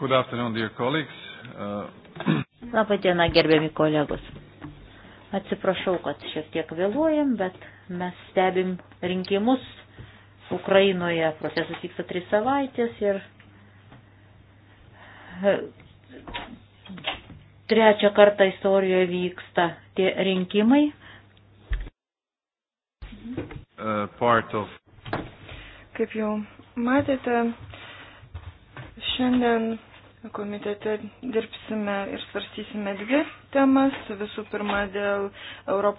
Good afternoon, dear colleagues. Uh... Labą dieną, gerbiami kolegos. Atsiprašau, kad šiek tiek vėluojam, bet mes stebim rinkimus Ukrainoje. Procesas vyksta tris savaitės ir e, trečią kartą istorijoje vyksta tie rinkimai. Uh, of... Kaip jau matėte, šiandien komitete dirbsime ir svarstysime dvi temas. Visų pirma, dėl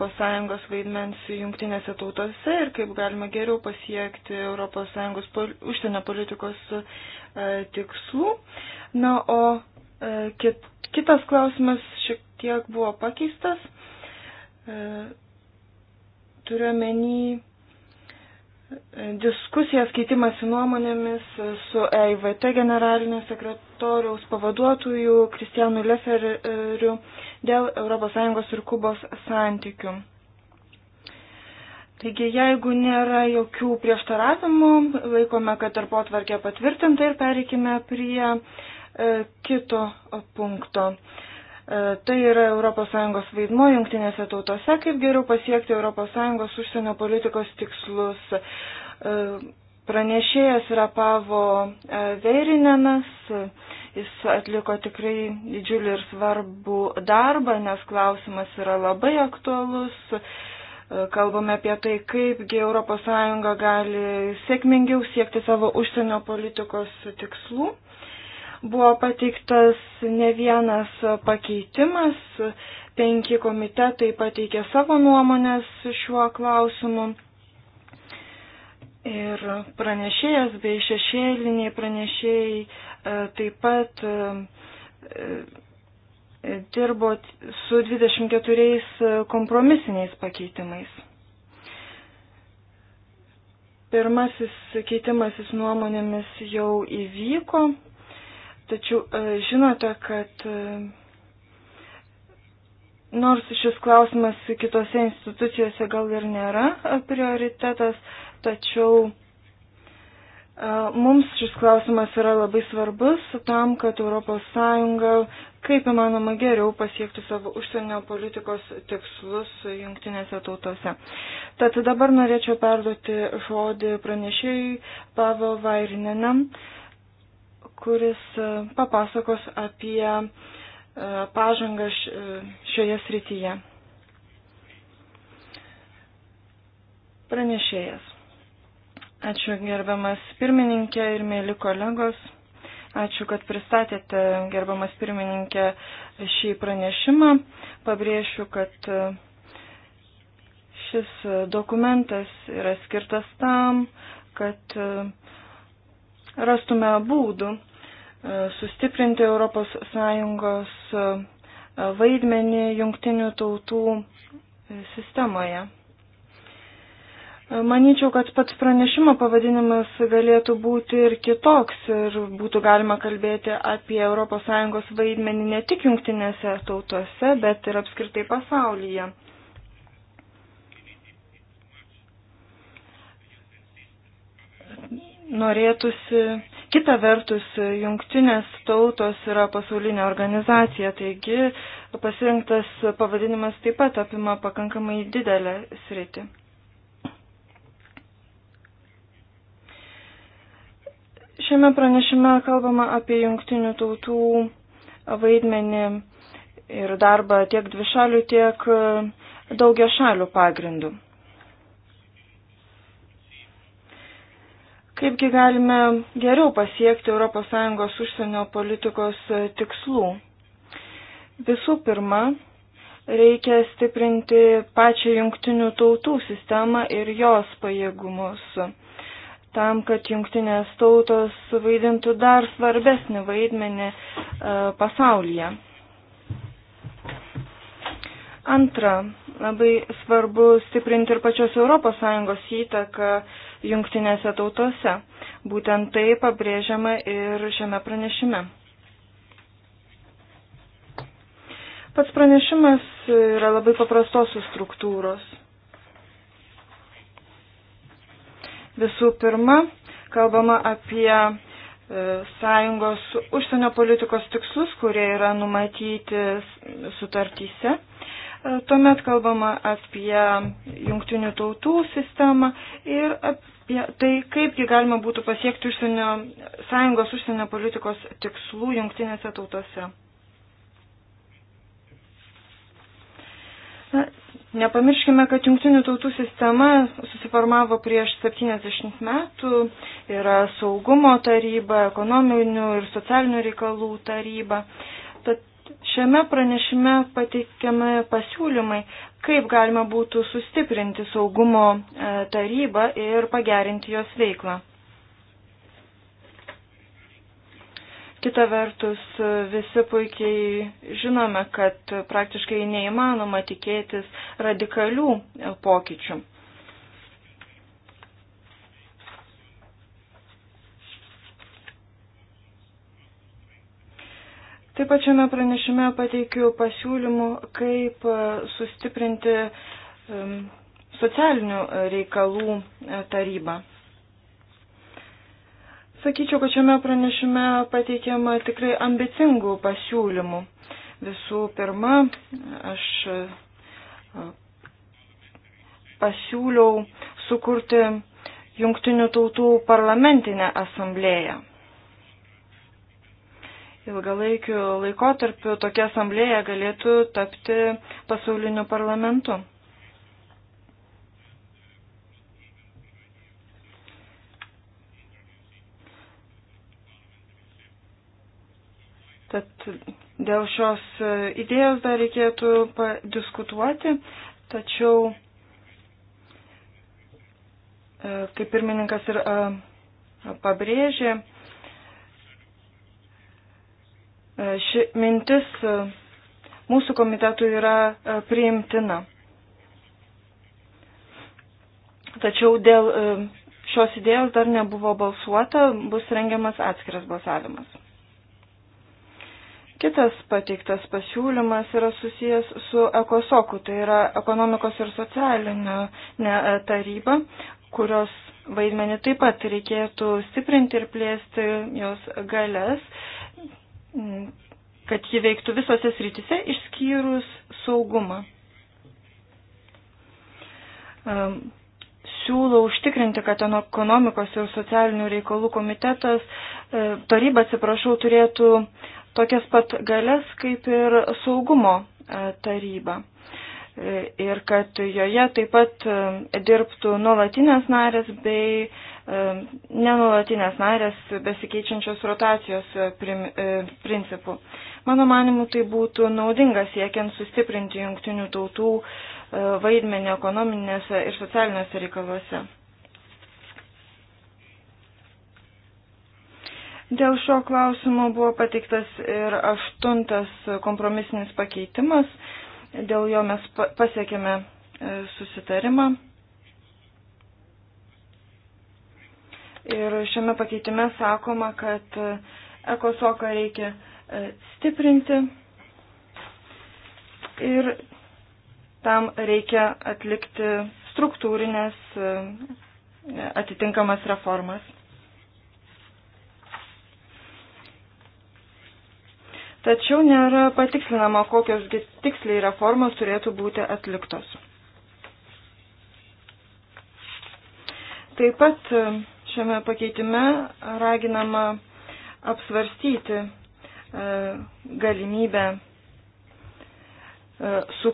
ES vaidmens jungtinėse tautose ir kaip galima geriau pasiekti ES pol užsienio politikos e, tikslų. Na, o e, kit kitas klausimas šiek tiek buvo pakeistas. E, Turiuomenį diskusijas, keitimąsi nuomonėmis su EIVT generalinio sekretoriaus pavaduotojų Kristijanu Leferiu dėl ES ir Kubos santykių. Taigi, jeigu nėra jokių prieštaravimų, laikome, kad darbo tvarkė patvirtinta ir pereikime prie e, kito punkto. E, E, tai yra ES vaidmo jungtinėse tautose, kaip geriau pasiekti ES užsienio politikos tikslus. E, pranešėjas yra Pavo e, Veirinenas, jis atliko tikrai didžiulį ir svarbų darbą, nes klausimas yra labai aktualus. Kalbame apie tai, kaipgi ES gali sėkmingiau siekti savo užsienio politikos tikslų. Buvo pateiktas ne vienas pakeitimas, penki komitetai pateikė savo nuomonės šiuo klausimu. Ir pranešėjas bei šešėliniai pranešėjai e, taip pat e, e, dirbo su 24 kompromisiniais pakeitimais. Pirmasis keitimasis nuomonėmis jau įvyko, Tačiau e, žinote, kad e, nors šis klausimas kitose institucijose gal ir nėra e, prioritetas, tačiau mums šis klausimas yra labai svarbus tam, kad ES kaip įmanoma geriau pasiektų savo užsienio politikos tikslus jungtinėse tautose. Tad dabar norėčiau perduoti žodį pranešėjai Pavo Vairinenam kuris e, papasakos apie e, pažangą e, šioje srityje. Pranešėjas. Ačiū gerbiamas pirmininkė ir mėly kolegos. Ačiū, kad pristatėte, gerbiamas pirmininkė, šį pranešimą. Pabrėšiu, kad šis dokumentas yra skirtas tam, kad rastume būdų, E, sustiprinti ES e, vaidmenį jungtinių tautų e, sistemoje. Manyčiau, kad pats pranešimo pavadinimas galėtų būti ir kitoks ir būtų galima kalbėti apie ES vaidmenį ne tik jungtinėse tautose, bet ir apskritai pasaulyje. Norėtųsi Kita vertus, jungtinės tautos yra pasaulinė organizacija, taigi pasirinktas pavadinimas taip pat apima pakankamai didelę sritį. Šiame pranešime kalbama apie jungtinių tautų vaidmenį ir darbą tiek dvišalių, tiek daugia šalių pagrindų. Kaipgi galime geriau pasiekti ES užsienio politikos e, tikslų? Visų pirma, reikia stiprinti pačią jungtinių tautų sistemą ir jos pajėgumus, tam, kad jungtinės tautos vaidintų dar svarbesnį vaidmenį e, pasaulyje. Antra, labai svarbu stiprinti ir pačios ES įtaką jungtinėse tautose. Būtent tai pabrėžiama ir šiame pranešime. Pats pranešimas yra labai paprastos struktūros. Visų pirma, kalbama apie e, sąjungos užsienio politikos tikslus, kurie yra numatyti sutartyse. E, tuomet kalbama apie jungtinių tautų sistemą ir tai kaipgi galima būtų pasiekti užsienio, sąjungos užsienio politikos tikslų jungtinėse tautose. Na, nepamirškime, kad jungtinių tautų sistema susiformavo prieš 70 metų, yra saugumo taryba, ekonominių ir socialinių reikalų taryba. Tad Šiame pranešime pateikiami pasiūlymai, kaip galima būtų sustiprinti saugumo e, tarybą ir pagerinti jos veiklą. Kita vertus, visi puikiai žinome, kad praktiškai neįmanoma tikėtis radikalių pokyčių. Taip pat šiame pranešime pateikiu pasiūlymų, kaip e, sustiprinti socialinių reikalų e, tarybą. Sakyčiau, kad šiame pranešime pateikiama tikrai ambicingų pasiūlymų. Visų pirma, aš e, pasiūliau sukurti Junktinių tautų parlamentinę asamblėją ilgalaikiu laikotarpiu tokia asamblėja galėtų tapti pasauliniu parlamentu. Tad dėl šios idėjos dar reikėtų padiskutuoti, tačiau e, kaip pirmininkas ir e, pabrėžė, E, ši mintis e, mūsų komitetui yra e, priimtina. Tačiau dėl šios idėjos dar nebuvo balsuota, bus rengiamas atskiras balsavimas. Kitas pateiktas pasiūlymas yra susijęs su ekosoku, tai yra ekonomikos ir socialinė taryba, kurios vaidmenį taip pat reikėtų stiprinti ir plėsti jos galės kad ji veiktų visose srityse išskyrus saugumą. Siūlau užtikrinti, kad ten ekonomikos ir socialinių reikalų komitetas, e, taryba, atsiprašau, turėtų tokias pat galės kaip ir saugumo e, taryba. E, ir kad joje taip pat dirbtų nuolatinės narės bei uh, nenulatinės narės besikeičiančios rotacijos e, e, principų. Mano manimu, tai būtų naudinga siekiant sustiprinti jungtinių tautų e, vaidmenį ekonominėse ir socialiniuose reikaluose. Dėl šio klausimo buvo pateiktas ir aštuntas kompromisinis pakeitimas, dėl jo mes pasiekėme susitarimą. Ir šiame pakeitime sakoma, kad e, ekosoką reikia e, stiprinti ir tam reikia atlikti struktūrinės e, atitinkamas reformas. Tačiau nėra patikslinama, kokios tiksliai reformos turėtų būti atliktos. Taip pat Šiame pakeitime raginama apsvarstyti e, galimybę e, su,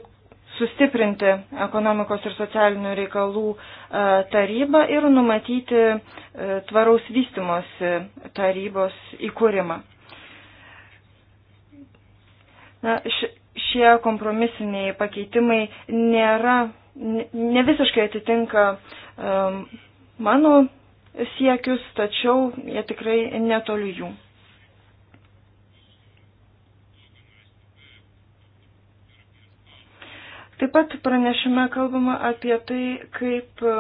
sustiprinti ekonomikos ir socialinių reikalų e, tarybą ir numatyti tvaraus vystimosi tarybos įkūrimą. Na, šie kompromisiniai pakeitimai nėra, ne visiškai atitinka um, mano siekius, tačiau jie tikrai netoli jų. Taip pat pranešime kalbama apie tai, kaip e,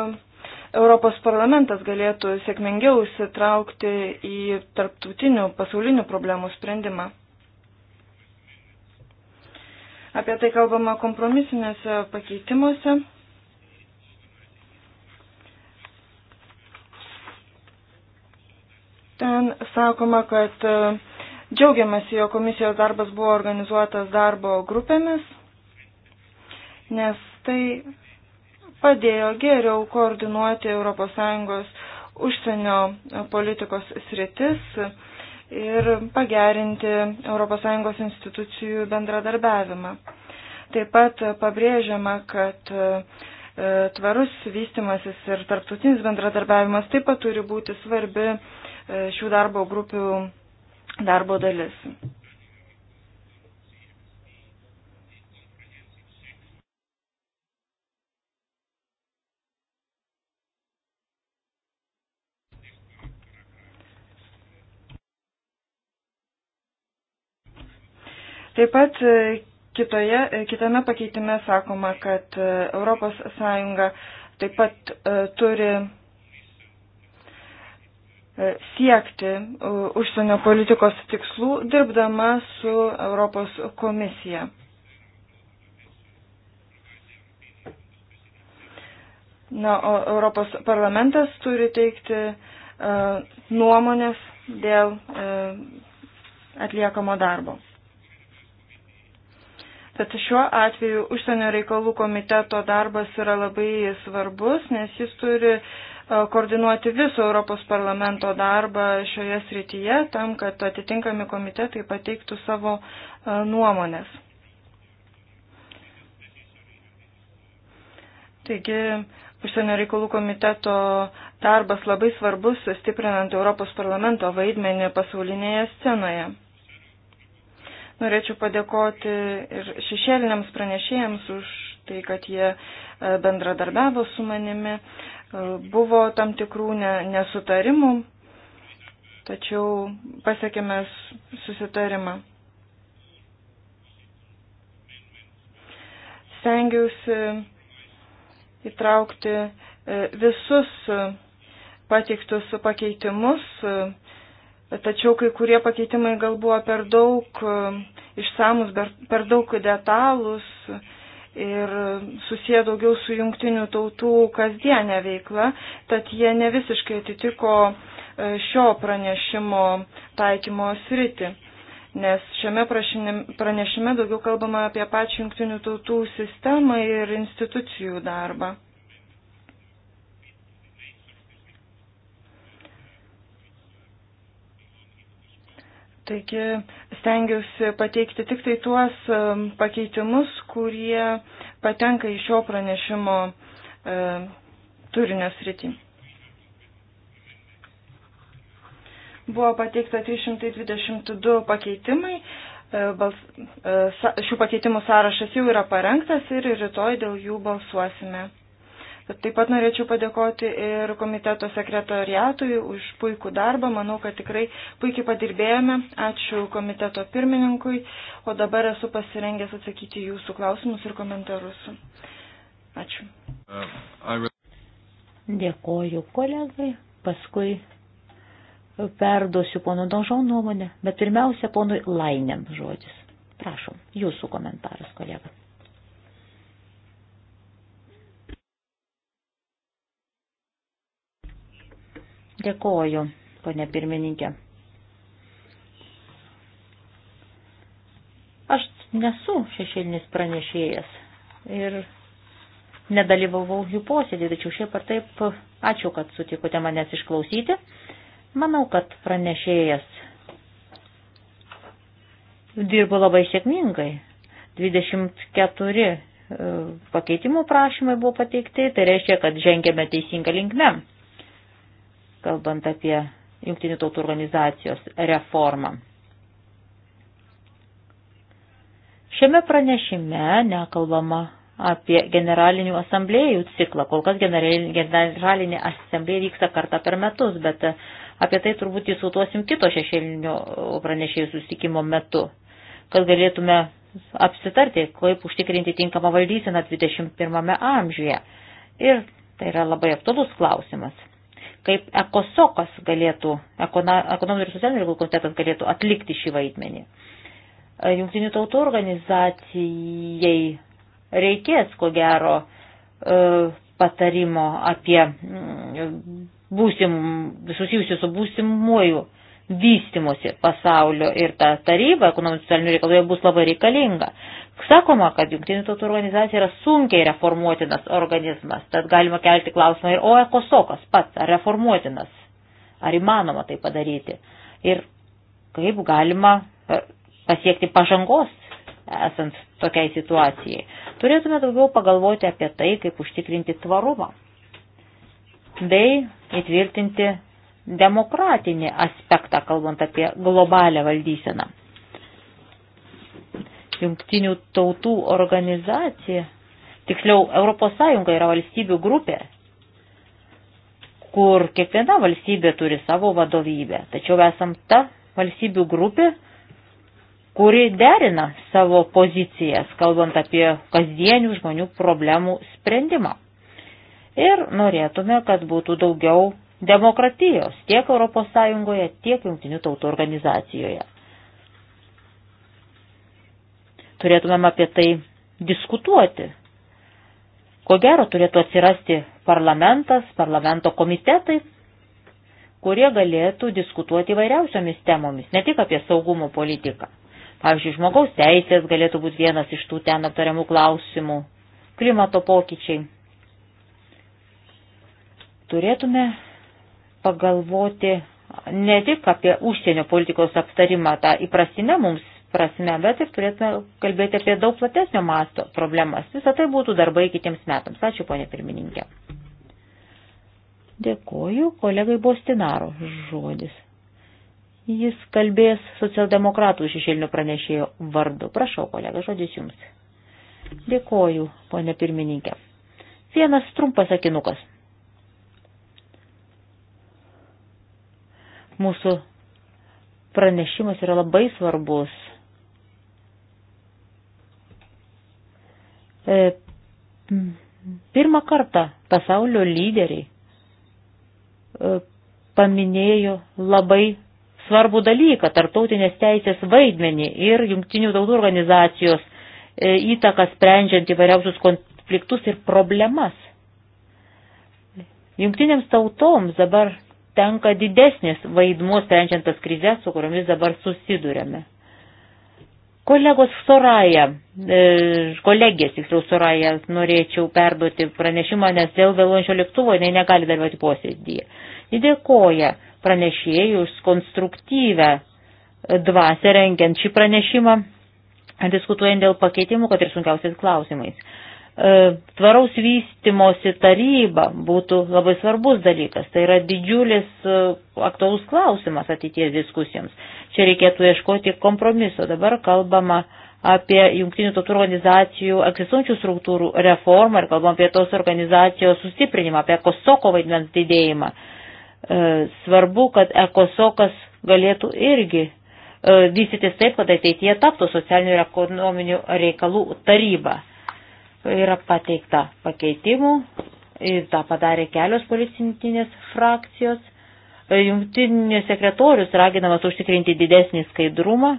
Europos parlamentas galėtų sėkmingiau įsitraukti į tarptautinių pasaulinių problemų sprendimą. Apie tai kalbama kompromisinėse pakeitimuose. Ten sakoma, kad e, džiaugiamasi, jo komisijos darbas buvo organizuotas darbo grupėmis, nes tai padėjo geriau koordinuoti ES užsienio politikos sritis ir pagerinti ES institucijų bendradarbiavimą. Taip pat pabrėžiama, kad e, tvarus vystimasis ir tarptautinis bendradarbiavimas taip pat turi būti svarbi E, šių darbo grupių darbo dalis. Taip pat e, kitoje, e, kitame pakeitime sakoma, kad ES taip pat turi E, siekti e, užsienio politikos tikslų dirbdama su Europos komisija. Na, o Europos parlamentas turi teikti uh, nuomonės dėl uh, atliekamo darbo. Tad šiuo atveju užsienio reikalų komiteto darbas yra labai svarbus, nes jis turi uh, E, koordinuoti viso Europos parlamento darbą šioje srityje, tam, kad atitinkami komitetai pateiktų savo e, nuomonės. Taigi, užsienio reikalų komiteto darbas labai svarbus, stiprinant Europos parlamento vaidmenį pasaulinėje scenoje. Norėčiau padėkoti ir šešėliniams pranešėjams už tai, kad jie e, bendradarbiavo su manimi. Uh, E, buvo tam tikrų nesutarimų, tačiau pasiekėme susitarimą. Stengiausi įtraukti e, visus pateiktus pakeitimus, e, tačiau kai kurie pakeitimai gal buvo per daug išsamus, per daug detalus, ir susiję daugiau su jungtinių tautų kasdienė veikla, tad jie ne visiškai atitiko e, šio pranešimo taikymo sritį. Nes šiame pranešime daugiau kalbama apie pačią jungtinių tautų sistemą ir institucijų darbą. Taigi stengiuosi pateikti tik tai tuos um, pakeitimus, kurie patenka į šio pranešimo e, turinio sritį. Buvo pateikta 322 pakeitimai. Um, bals, šių pakeitimų sąrašas jau yra parengtas ir rytoj dėl jų balsuosime. Taip pat norėčiau padėkoti ir komiteto sekretariatui už puikų darbą. Manau, kad tikrai puikiai padirbėjome. Ačiū komiteto pirmininkui, o dabar esu pasirengęs atsakyti jūsų klausimus ir komentarus. Ačiū. Uh, Dėkoju kolegai, paskui perduosiu pono Donžon nuomonę, bet pirmiausia ponui Lainėm žodis. Prašom, jūsų komentaras, kolega. Dėkoju, ponė pirmininkė. Aš nesu šešėlinis pranešėjas ir nedalyvavau jų posėdį, tačiau šiaip ar taip ačiū, kad sutikote manęs išklausyti. Manau, kad pranešėjas dirbo labai sėkmingai. 24 e, pakeitimų prašymai buvo pateikti, tai reiškia, kad žengėme teisingą linkmę kalbant apie Junktinių tautų organizacijos reformą. Šiame pranešime nekalbama apie generalinių asamblėjų ciklą. Kol kas generalinė asamblėja vyksta kartą per metus, bet apie tai turbūt diskutuosim kito šešėlinio pranešėjų susitikimo metu, kad galėtume apsitarti, kaip užtikrinti tinkamą valdyseną 21 amžiuje. Ir tai yra labai aktualus klausimas kaip ekosokas galėtų, ekonominių ir socialinių reikalų komitetas galėtų atlikti šį vaidmenį. E, Jungtinių tautų organizacijai reikės, ko gero, e, patarimo apie mm, būsim, susijusiu su būsimuoju vystimosi pasaulio ir ta taryba ekonominių socialinių reikalų bus labai reikalinga. Sakoma, kad jungtinių tautų organizacija yra sunkiai reformuotinas organizmas, tad galima kelti klausimą ir o ekosokas pats, ar reformuotinas, ar įmanoma tai padaryti ir kaip galima e, pasiekti pažangos esant tokiai situacijai. Turėtume daugiau pagalvoti apie tai, kaip užtikrinti tvarumą bei įtvirtinti demokratinį aspektą, kalbant apie globalią valdyseną. Jungtinių tautų organizacija, tiksliau ES yra valstybių grupė, kur kiekviena valstybė turi savo vadovybę. Tačiau esam ta valstybių grupė, kuri derina savo pozicijas, kalbant apie kasdienių žmonių problemų sprendimą. Ir norėtume, kad būtų daugiau demokratijos tiek ES, tiek Junktinių tautų organizacijoje. Turėtumėm apie tai diskutuoti. Ko gero turėtų atsirasti parlamentas, parlamento komitetai, kurie galėtų diskutuoti įvairiausiomis temomis, ne tik apie saugumo politiką. Pavyzdžiui, žmogaus teisės galėtų būti vienas iš tų ten aptariamų klausimų, klimato pokyčiai. Turėtume pagalvoti ne tik apie užsienio politikos aptarimą tą įprastinę mums prasme, bet ir turėtume kalbėti apie daug platesnio masto problemas. Visą tai būtų darbai kitiems metams. Ačiū, ponė pirmininkė. Dėkoju kolegai Bostinaro žodis. Jis kalbės socialdemokratų šešėlinių pranešėjo vardu. Prašau, kolega, žodis jums. Dėkoju, ponė pirmininkė. Vienas trumpas akinukas. Mūsų pranešimas yra labai svarbus. E, pirmą kartą pasaulio lyderiai e, paminėjo labai svarbų dalyką - tartautinės teisės vaidmenį ir jungtinių tautų organizacijos e, įtaką sprendžiant įvairiausius konfliktus ir problemas. Jungtinėms tautoms dabar tenka didesnis vaidmuo sprendžiant tas krizės, su kuriomis dabar susidurėme. Kolegos Soraja, e, kolegės, tiksliau Soraja, norėčiau perduoti pranešimą, nes dėl vėluojančio lėktuvo jinai negali dalyvauti posėdyje. Ji dėkoja pranešėjus konstruktyvę dvasę rengiant šį pranešimą, diskutuojant dėl pakeitimų, kad ir sunkiausiais klausimais. E, tvaraus vystimosi taryba būtų labai svarbus dalykas. Tai yra didžiulis e, aktualus klausimas ateities diskusijoms. Čia reikėtų ieškoti kompromiso. Dabar kalbama apie jungtinių tautų organizacijų egzistuojančių struktūrų reformą ir kalbam apie tos organizacijos sustiprinimą, apie kosoko vaidmens didėjimą. E, svarbu, kad ekosokas galėtų irgi vystytis taip, kad ateityje taptų socialinių ir ekonominių reikalų taryba yra pateikta pakeitimų ir tą padarė kelios policintinės frakcijos. Jungtinis sekretorius raginamas užtikrinti didesnį skaidrumą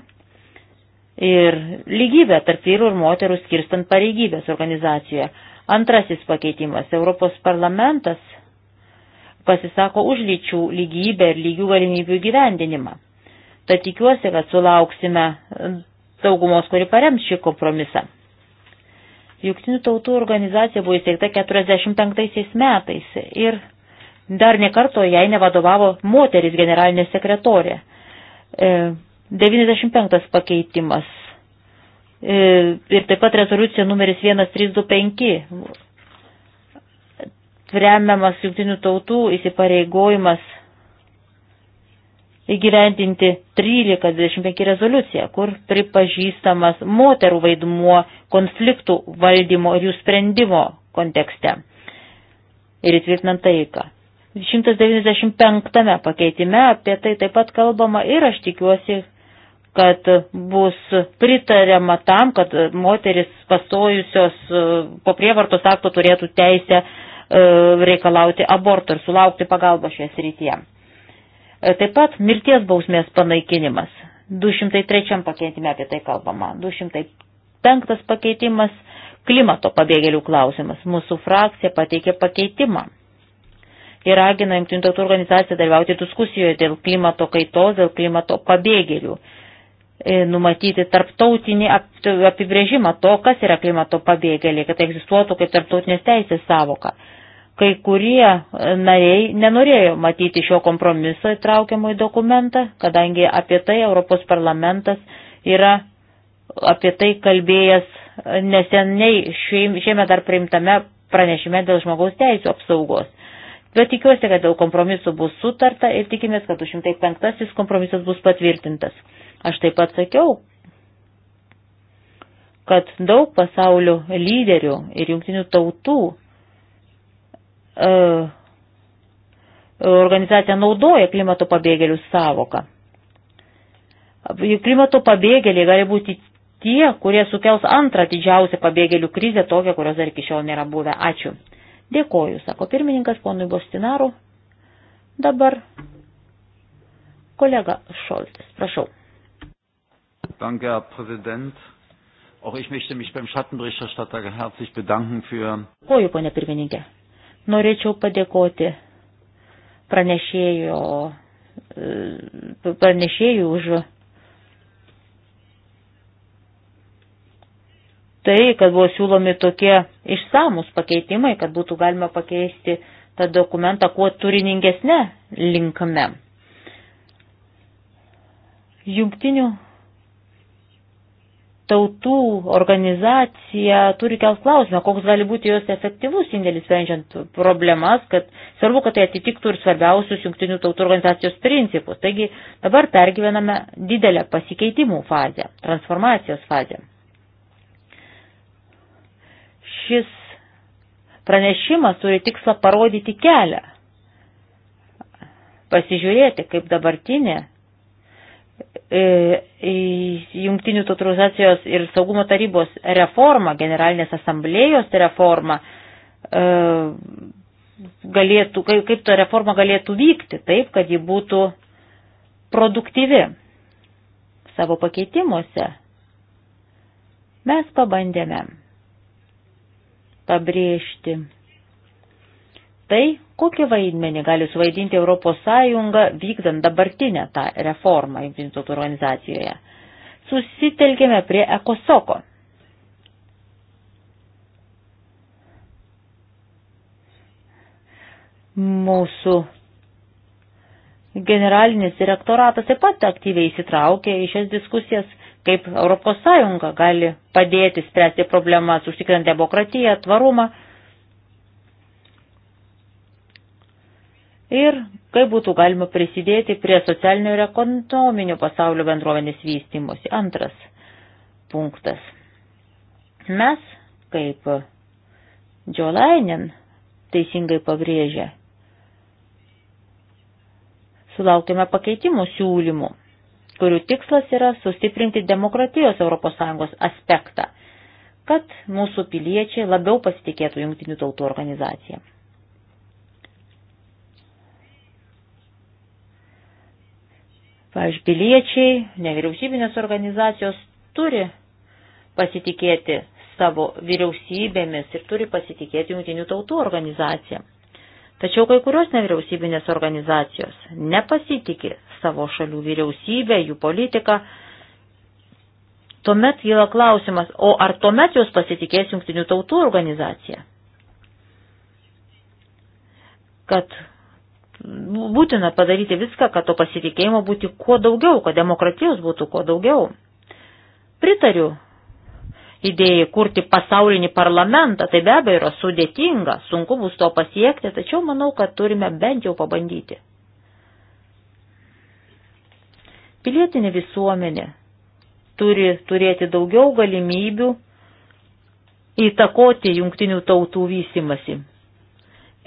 ir lygybę tarp vyrų ir moterų skirstant pareigybės organizacijoje. Antrasis pakeitimas. Europos parlamentas pasisako už lyčių lygybę ir lygių galimybių gyvendinimą. Tad tikiuosi, kad sulauksime daugumos, kuri parems šį kompromisą. Jungtinių tautų organizacija buvo įsteigta 45 metais ir dar nekarto jai nevadovavo moteris generalinė sekretorė. 95 e, pakeitimas e, ir taip pat rezoliucija numeris 1325 remiamas jungtinių tautų įsipareigojimas įgyvendinti 1325 rezoliuciją, kur pripažįstamas moterų vaidmuo konfliktų valdymo ir jų sprendimo kontekste ir įtvirtinant taiką. 195 pakeitime apie tai taip pat kalbama ir aš tikiuosi, kad bus pritariama tam, kad moteris pastojusios e, po prievartos akto turėtų teisę e, reikalauti abortų ir sulaukti pagalbą šioje srityje. E, taip pat mirties bausmės panaikinimas. 203 pakeitime apie tai kalbama. 205 pakeitimas klimato pabėgėlių klausimas. Mūsų frakcija pateikė pakeitimą. Ir ragina Junktinių tautų organizaciją dalyvauti diskusijoje dėl klimato kaitos, dėl klimato pabėgėlių. E, numatyti tarptautinį apibrėžimą to, kas yra klimato pabėgėliai, kad egzistuotų kaip tarptautinės teisės savoka. Kai kurie e, nariai nenorėjo matyti šio kompromiso įtraukiamo į dokumentą, kadangi apie tai Europos parlamentas yra apie tai kalbėjęs e, neseniai šiame dar priimtame pranešime dėl žmogaus teisų apsaugos. Bet tikiuosi, kad dėl kompromisų bus sutarta ir tikimės, kad 205 kompromisas bus patvirtintas. Aš taip pat sakiau, kad daug pasaulio lyderių ir jungtinių tautų E, organizacija naudoja klimato pabėgėlių savoką. Klimato pabėgėliai gali būti tie, kurie sukels antrą didžiausią pabėgėlių krizę, tokią, kurios dar iki šiol nėra buvę. Ačiū. Dėkoju, sako pirmininkas ponui Bostinaru. Dabar kolega Šoltas, prašau. Danke, Herr Präsident. Auch ich möchte mich beim Schattenberichterstatter herzlich bedanken für. Dėkoju, ponia pirmininkė. Norėčiau padėkoti pranešėjo, e, pranešėjų už tai, kad buvo siūlomi tokie išsamus pakeitimai, kad būtų galima pakeisti tą dokumentą kuo turiningesnė linkme. Jungtinių tautų organizacija turi kelt klausimą, koks gali būti jos efektyvus indėlis sprendžiant problemas, kad svarbu, kad tai atitiktų ir svarbiausius jungtinių tautų organizacijos principus. Taigi dabar pergyvename didelę pasikeitimų fazę, transformacijos fazę. Šis pranešimas turi tikslą parodyti kelią, pasižiūrėti, kaip dabartinė E, jungtinių tautų organizacijos ir saugumo tarybos reforma, generalinės asamblėjos reforma e, galėtų, kaip, kaip ta reforma galėtų vykti taip, kad ji būtų produktyvi savo pakeitimuose. Mes pabandėme pabrėžti tai, kokį vaidmenį gali suvaidinti ES vykdant dabartinę tą reformą Junktinių tautų organizacijoje. Susitelkėme prie ekosoko. Mūsų generalinis direktoratas taip pat aktyviai įsitraukė į šias diskusijas, kaip ES gali padėti spręsti problemas, užtikrinti demokratiją, tvarumą ir kaip būtų galima prisidėti prie socialinio ir ekonominio pasaulio bendruomenės vystimosi. Antras punktas. Mes, kaip Džiolainin teisingai pabrėžia, sulaukime pakeitimų siūlymų, kurių tikslas yra sustiprinti demokratijos ES aspektą, kad mūsų piliečiai labiau pasitikėtų Junktinių tautų organizaciją. Pavyzdžiui, piliečiai, nevyriausybinės organizacijos turi pasitikėti savo vyriausybėmis ir turi pasitikėti jungtinių tautų organizacija. Tačiau kai kurios nevyriausybinės organizacijos nepasitikė savo šalių vyriausybę, jų politiką, tuomet kyla klausimas, o ar tuomet jos pasitikės jungtinių tautų organizacija? Kad būtina padaryti viską, kad to pasitikėjimo būtų kuo daugiau, kad demokratijos būtų kuo daugiau. Pritariu idėjai kurti pasaulinį parlamentą, tai be abejo yra sudėtinga, sunku bus to pasiekti, tačiau manau, kad turime bent jau pabandyti. Pilietinė visuomenė turi turėti daugiau galimybių įtakoti jungtinių tautų vystimasi.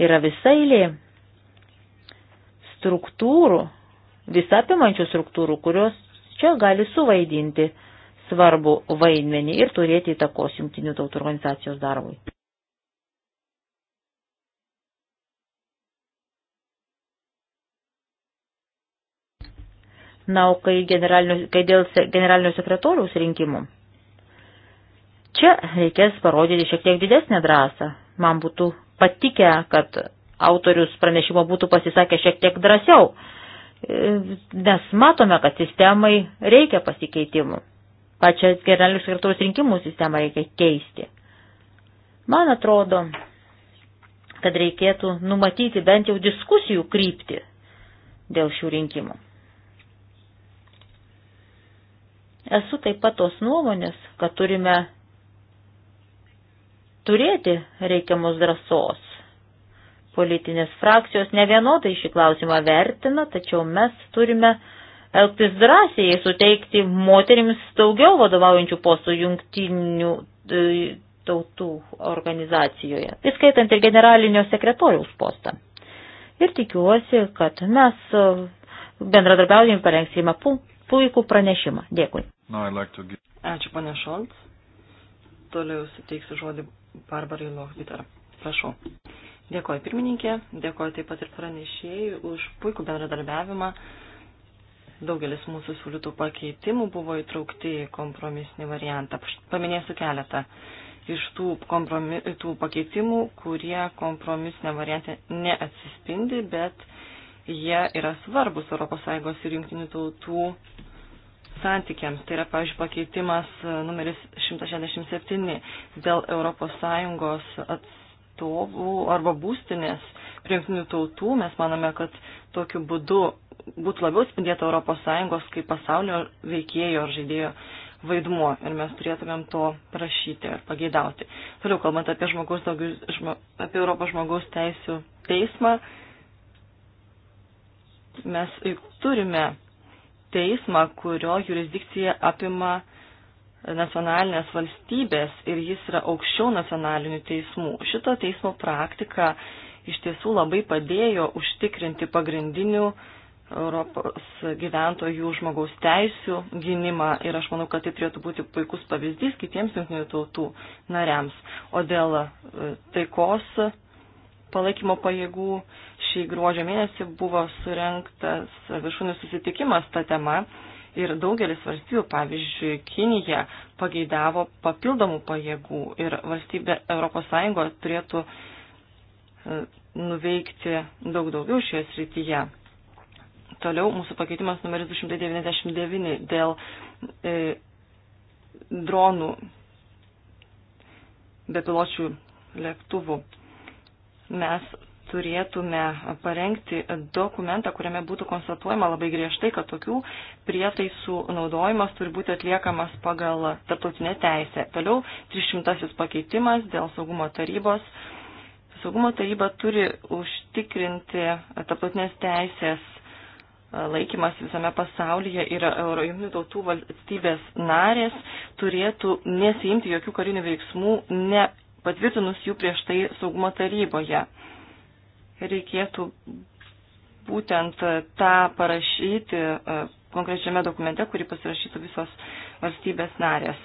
Yra visai lėmė struktūrų, visapimančių struktūrų, kurios čia gali suvaidinti svarbu vaidmenį ir turėti įtakos jungtinių tautų organizacijos darbui. Na, o kai, kai dėl generalinio sekretoriaus rinkimų, čia reikės parodyti šiek tiek didesnę drąsą. Man būtų patikę, kad autorius pranešimo būtų pasisakę šiek tiek drąsiau, e, nes matome, kad sistemai reikia pasikeitimų. Pačią generalinius sekretorius rinkimų sistemą reikia keisti. Man atrodo, kad reikėtų numatyti bent jau diskusijų krypti dėl šių rinkimų. Esu taip pat tos nuomonės, kad turime turėti reikiamos drąsos Politinės frakcijos nevienodai šį klausimą vertina, tačiau mes turime elgtis drąsiai, suteikti moterims daugiau vadovaujančių postų jungtinių e, tautų organizacijoje, įskaitant ir generalinio sekretoriaus postą. Ir tikiuosi, kad mes e, bendradarbiaujame parengsime puikų pranešimą. Dėkui. No, like to... Ačiū, pane Šolts. Toliau suteiksiu žodį Barbarai Lohditar. Prašau. Dėkoju pirmininkė, dėkoju taip pat ir pranešėjai už puikų bendradarbiavimą. Daugelis mūsų siūlytų pakeitimų buvo įtraukti į kompromisinį variantą. Paminėsiu keletą iš tų, kompromi, tų pakeitimų, kurie kompromisinė variantė neatsispindi, bet jie yra svarbus ES ir jungtinių tautų santykiams. Tai yra, pavyzdžiui, pakeitimas numeris 167 dėl ES ats, atstovų arba būstinės prie jungtinių tautų. Mes manome, kad tokiu būdu būtų labiau spindėta ES kaip pasaulio veikėjo ar žaidėjo vaidmuo ir mes turėtumėm to prašyti ar pageidauti. Toliau kalbant apie, žmogus, daugiau, žmo, apie Europos žmogaus teisų teismą, mes turime teismą, kurio jurisdikcija apima nacionalinės valstybės ir jis yra aukščiau nacionalinių teismų. Šito teismo praktika iš tiesų labai padėjo užtikrinti pagrindinių Europos gyventojų žmogaus teisių gynimą ir aš manau, kad tai turėtų būti puikus pavyzdys kitiems jungtinių tautų nariams. O dėl e, taikos palaikymo pajėgų šį gruodžio mėnesį buvo surinktas viršūnių susitikimas tą temą Ir daugelis valstybių, pavyzdžiui, Kinija, pageidavo papildomų pajėgų ir valstybė ES turėtų e, nuveikti daug daugiau šioje srityje. Toliau mūsų pakeitimas numeris 299 dėl e, dronų bepiločių lėktuvų. Mes turėtume parengti dokumentą, kuriame būtų konstatuojama labai griežtai, kad tokių prietaisų naudojimas turi būti atliekamas pagal tarptautinę teisę. Toliau 300 pakeitimas dėl saugumo tarybos. Saugumo taryba turi užtikrinti tarptautinės teisės laikymas visame pasaulyje yra Eurojungtinių tautų valstybės narės turėtų nesijimti jokių karinių veiksmų, nepatvirtinus jų prieš tai saugumo taryboje reikėtų būtent tą parašyti e, konkrečiame dokumente, kurį pasirašytų visos valstybės narės,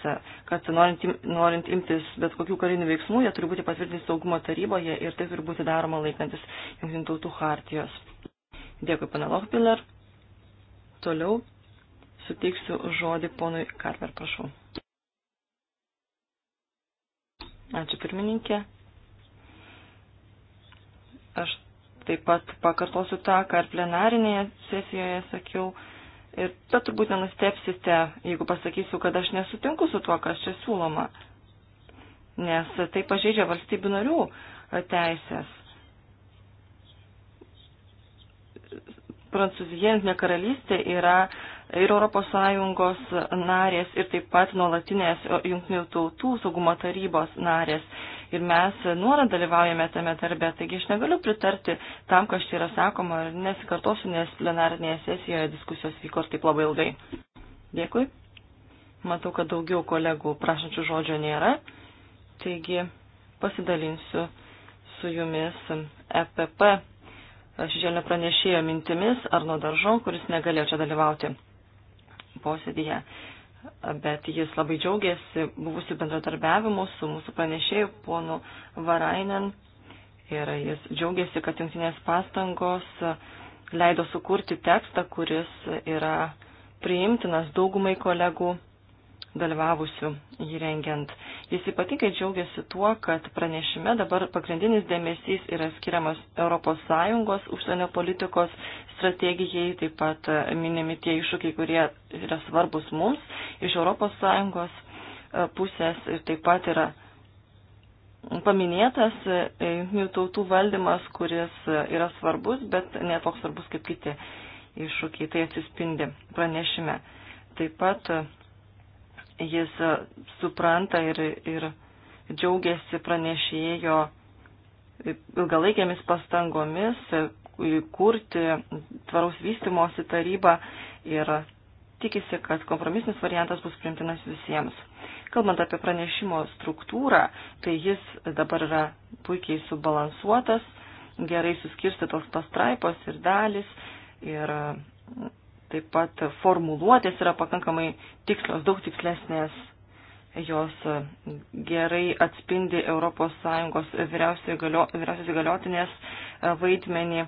kad norint, norint imtis bet kokių karinių veiksmų, jie turi būti patvirtinti saugumo taryboje ir tai turi būti daroma laikantis Junktinių tautų hartijos. Dėkui, pana Lochbiller. Toliau suteiksiu žodį ponui Karver, prašau. Ačiū pirmininkė. Aš Taip pat pakartosiu tą, ką ir plenarinėje sesijoje sakiau. Ir tad turbūt nenustepsite, jeigu pasakysiu, kad aš nesutinku su tuo, kas čia siūloma. Nes tai pažeidžia valstybių narių teisės. Prancūzija, Jungtinė karalystė yra ir ES narės, ir taip pat nuolatinės Jungtinių tautų saugumo tarybos narės ir mes nuolat dalyvaujame tame darbe, taigi aš negaliu pritarti tam, kas čia yra sakoma ir nesikartosiu, nes plenarinėje sesijoje diskusijos vyko ir taip labai ilgai. Dėkui. Matau, kad daugiau kolegų prašančių žodžio nėra, taigi pasidalinsiu su jumis EPP šešėlinio pranešėjo mintimis Arno Daržo, kuris negalėjo čia dalyvauti posėdėje bet jis labai džiaugiasi buvusių bendradarbiavimų su mūsų pranešėju ponu Varainen ir jis džiaugiasi, kad jungtinės pastangos leido sukurti tekstą, kuris yra priimtinas daugumai kolegų dalyvavusių jį rengiant. Jis ypatingai džiaugiasi tuo, kad pranešime dabar pagrindinis dėmesys yra skiriamas ES užsienio politikos strategijai, taip pat e, minimi tie iššūkiai, kurie yra svarbus mums iš ES e, pusės ir taip pat yra paminėtas e, jungtinių tautų valdymas, kuris yra svarbus, bet ne toks svarbus kaip kiti iššūkiai. Tai atsispindi pranešime. Taip pat jis supranta ir, ir džiaugiasi pranešėjo ilgalaikėmis pastangomis kurti tvaraus vystimosi tarybą ir tikisi, kad kompromisinis variantas bus priimtinas visiems. Kalbant apie pranešimo struktūrą, tai jis dabar yra puikiai subalansuotas, gerai suskirstytos pastraipos ir dalis ir taip pat formuluotės yra pakankamai tikslios, daug tikslesnės. Jos gerai atspindi ES vyriausios įgaliotinės vaidmenį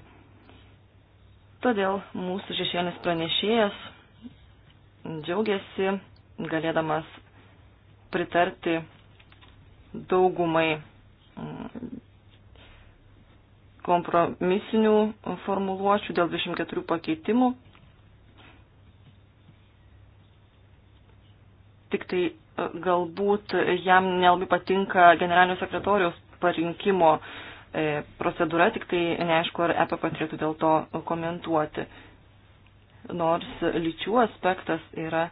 Todėl mūsų šešėlis pranešėjas džiaugiasi galėdamas pritarti daugumai mm, kompromisinių formuluočių dėl 24 pakeitimų. Tik tai e, galbūt jam nelabai patinka generalinio sekretoriaus parinkimo uh, E, procedūra, tik tai neaišku, ar EPP turėtų dėl to komentuoti. Nors lyčių aspektas yra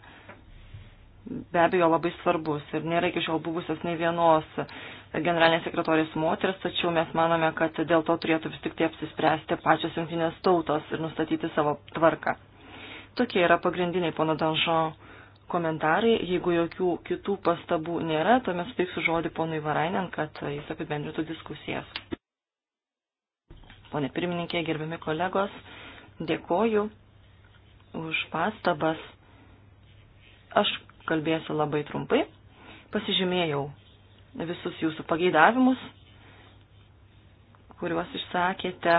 be abejo labai svarbus ir nėra iki šiol buvusios nei vienos generalinės sekretorės moteris, tačiau mes manome, kad dėl to turėtų vis tik tai apsispręsti pačios jungtinės tautos ir nustatyti savo tvarką. Tokie yra pagrindiniai pono Danžo komentarai. Jeigu jokių kitų pastabų nėra, tuomet suteiksiu žodį ponui Varainen, kad jis apibendrintų diskusijas. Pone pirmininkė, gerbiami kolegos, dėkoju už pastabas. Aš kalbėsiu labai trumpai. Pasižymėjau visus jūsų pageidavimus, kuriuos išsakėte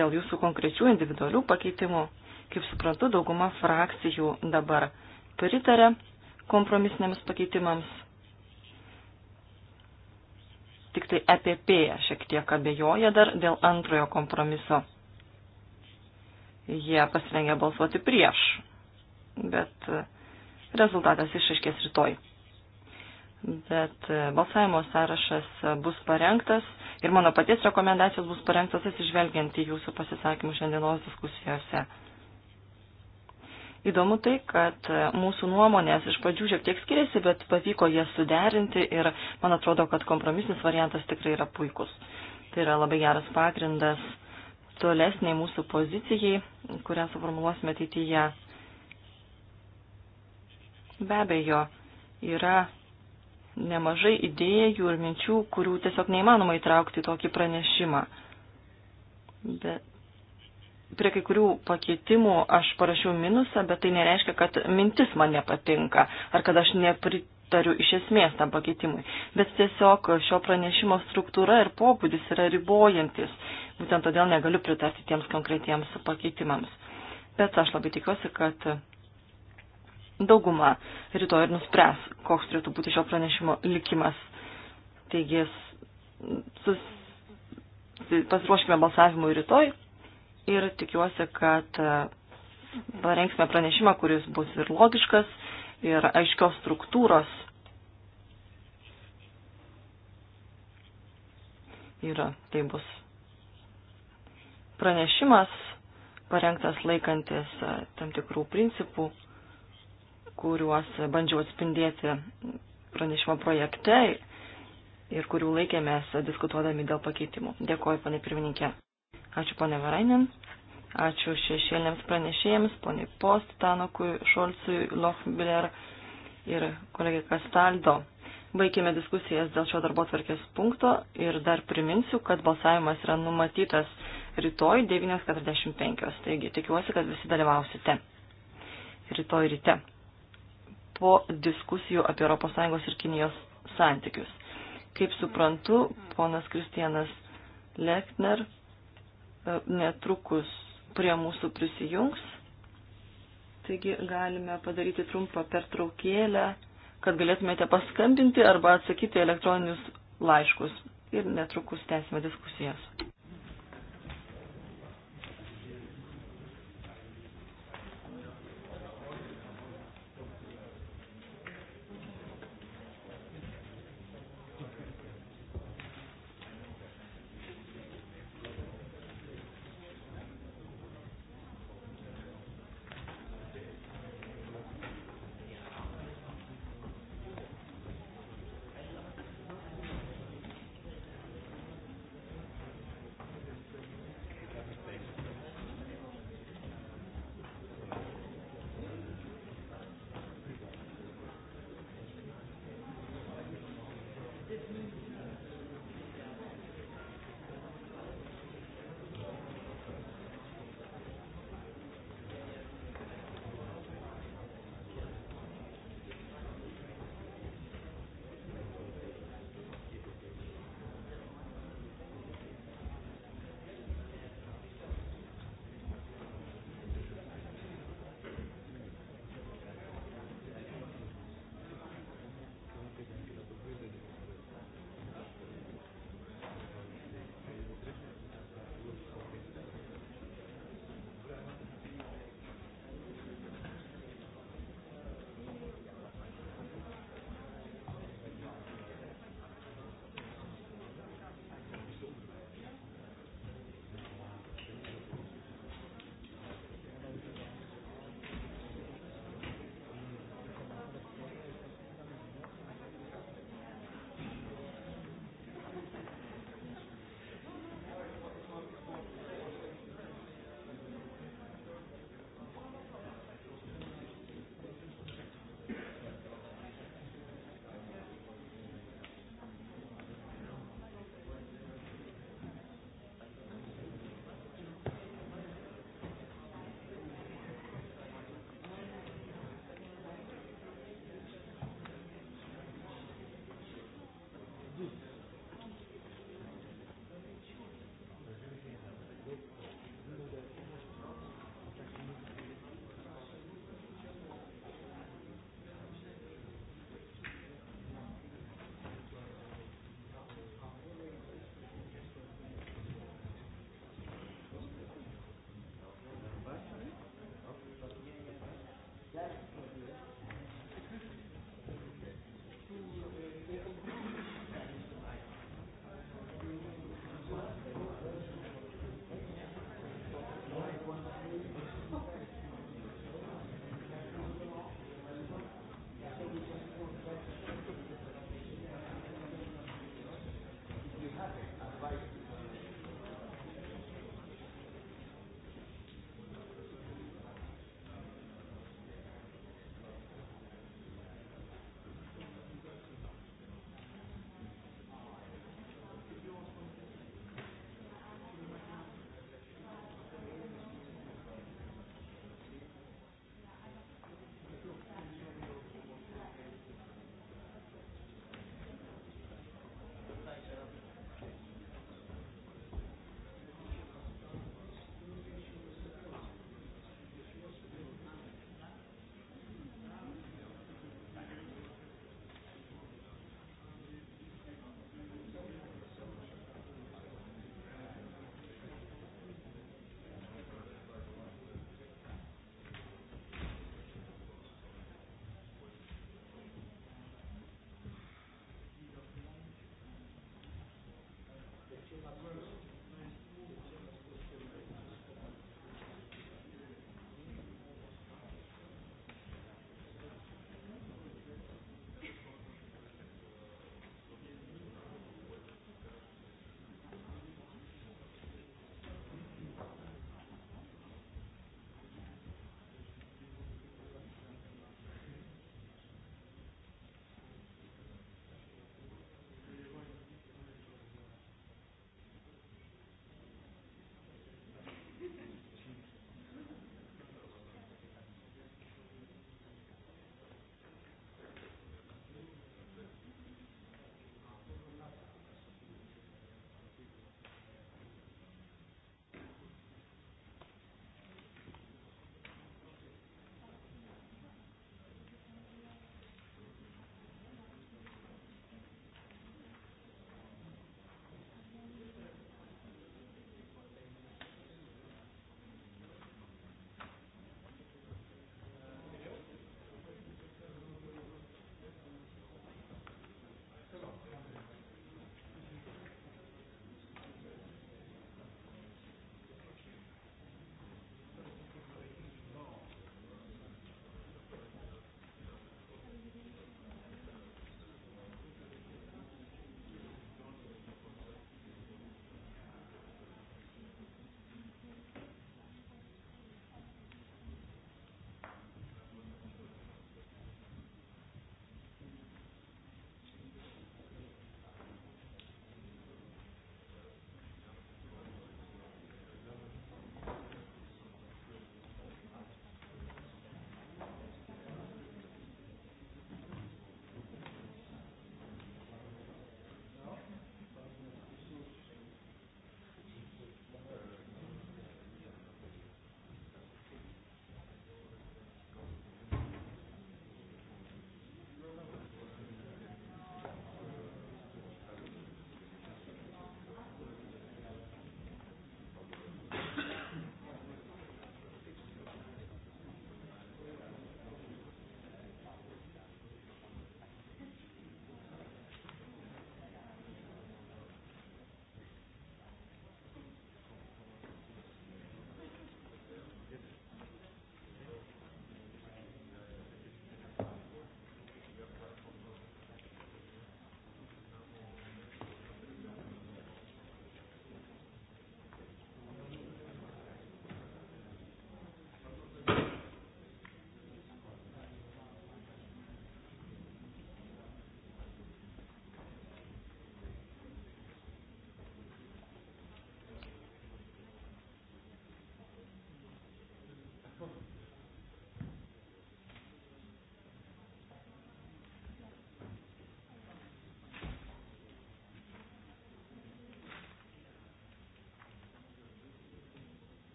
dėl jūsų konkrečių individualių pakeitimų. Kaip suprantu, dauguma frakcijų dabar pritarė kompromisiniams pakeitimams tik tai EPP šiek tiek abejoja dar dėl antrojo kompromiso. Jie pasirengia balsuoti prieš, bet rezultatas išaiškės rytoj. Bet balsavimo sąrašas bus parengtas ir mano paties rekomendacijos bus parengtas atsižvelgiant į jūsų pasisakymus šiandienos diskusijose. Įdomu tai, kad mūsų nuomonės iš pradžių šiek tiek skiriasi, bet pavyko jas suderinti ir man atrodo, kad kompromisinis variantas tikrai yra puikus. Tai yra labai geras pagrindas tolesniai mūsų pozicijai, kurią suformuluosime ateityje. Be abejo, yra nemažai idėjų ir minčių, kurių tiesiog neįmanoma įtraukti į tokį pranešimą. Bet prie kai kurių pakeitimų aš parašiau minusą, bet tai nereiškia, kad mintis man nepatinka ar kad aš nepritariu iš esmės tam pakeitimui. Bet tiesiog šio pranešimo struktūra ir pobūdis yra ribojantis. Būtent todėl negaliu pritarti tiems konkretiems pakeitimams. Bet aš labai tikiuosi, kad dauguma rytoj ir nuspręs, koks turėtų būti šio pranešimo likimas. Taigi, sus... pasiruoškime balsavimui rytoj ir tikiuosi, kad e, parengsime pranešimą, kuris bus ir logiškas, ir aiškios struktūros. Ir tai bus pranešimas parengtas laikantis e, tam tikrų principų, kuriuos bandžiau atspindėti pranešimo projekte ir kurių laikėmės diskutuodami dėl pakeitimų. Dėkuoju, panė pirmininkė. Ačiū ponė Varainin. Ačiū šešėlėms pranešėjams, poniai Post, Tanokui, Šolcui, Lochbiller ir kolegai Kastaldo. Baigėme diskusijas dėl šio darbo tvarkės punkto ir dar priminsiu, kad balsavimas yra numatytas rytoj 9.45, taigi tikiuosi, kad visi dalyvausite rytoj ryte po diskusijų apie ES ir Kinijos santykius. Kaip suprantu, ponas Kristianas Lechner E, netrukus prie mūsų prisijungs. Taigi galime padaryti trumpą pertraukėlę, kad galėtumėte paskambinti arba atsakyti elektroninius laiškus. Ir netrukus tęsime diskusijas.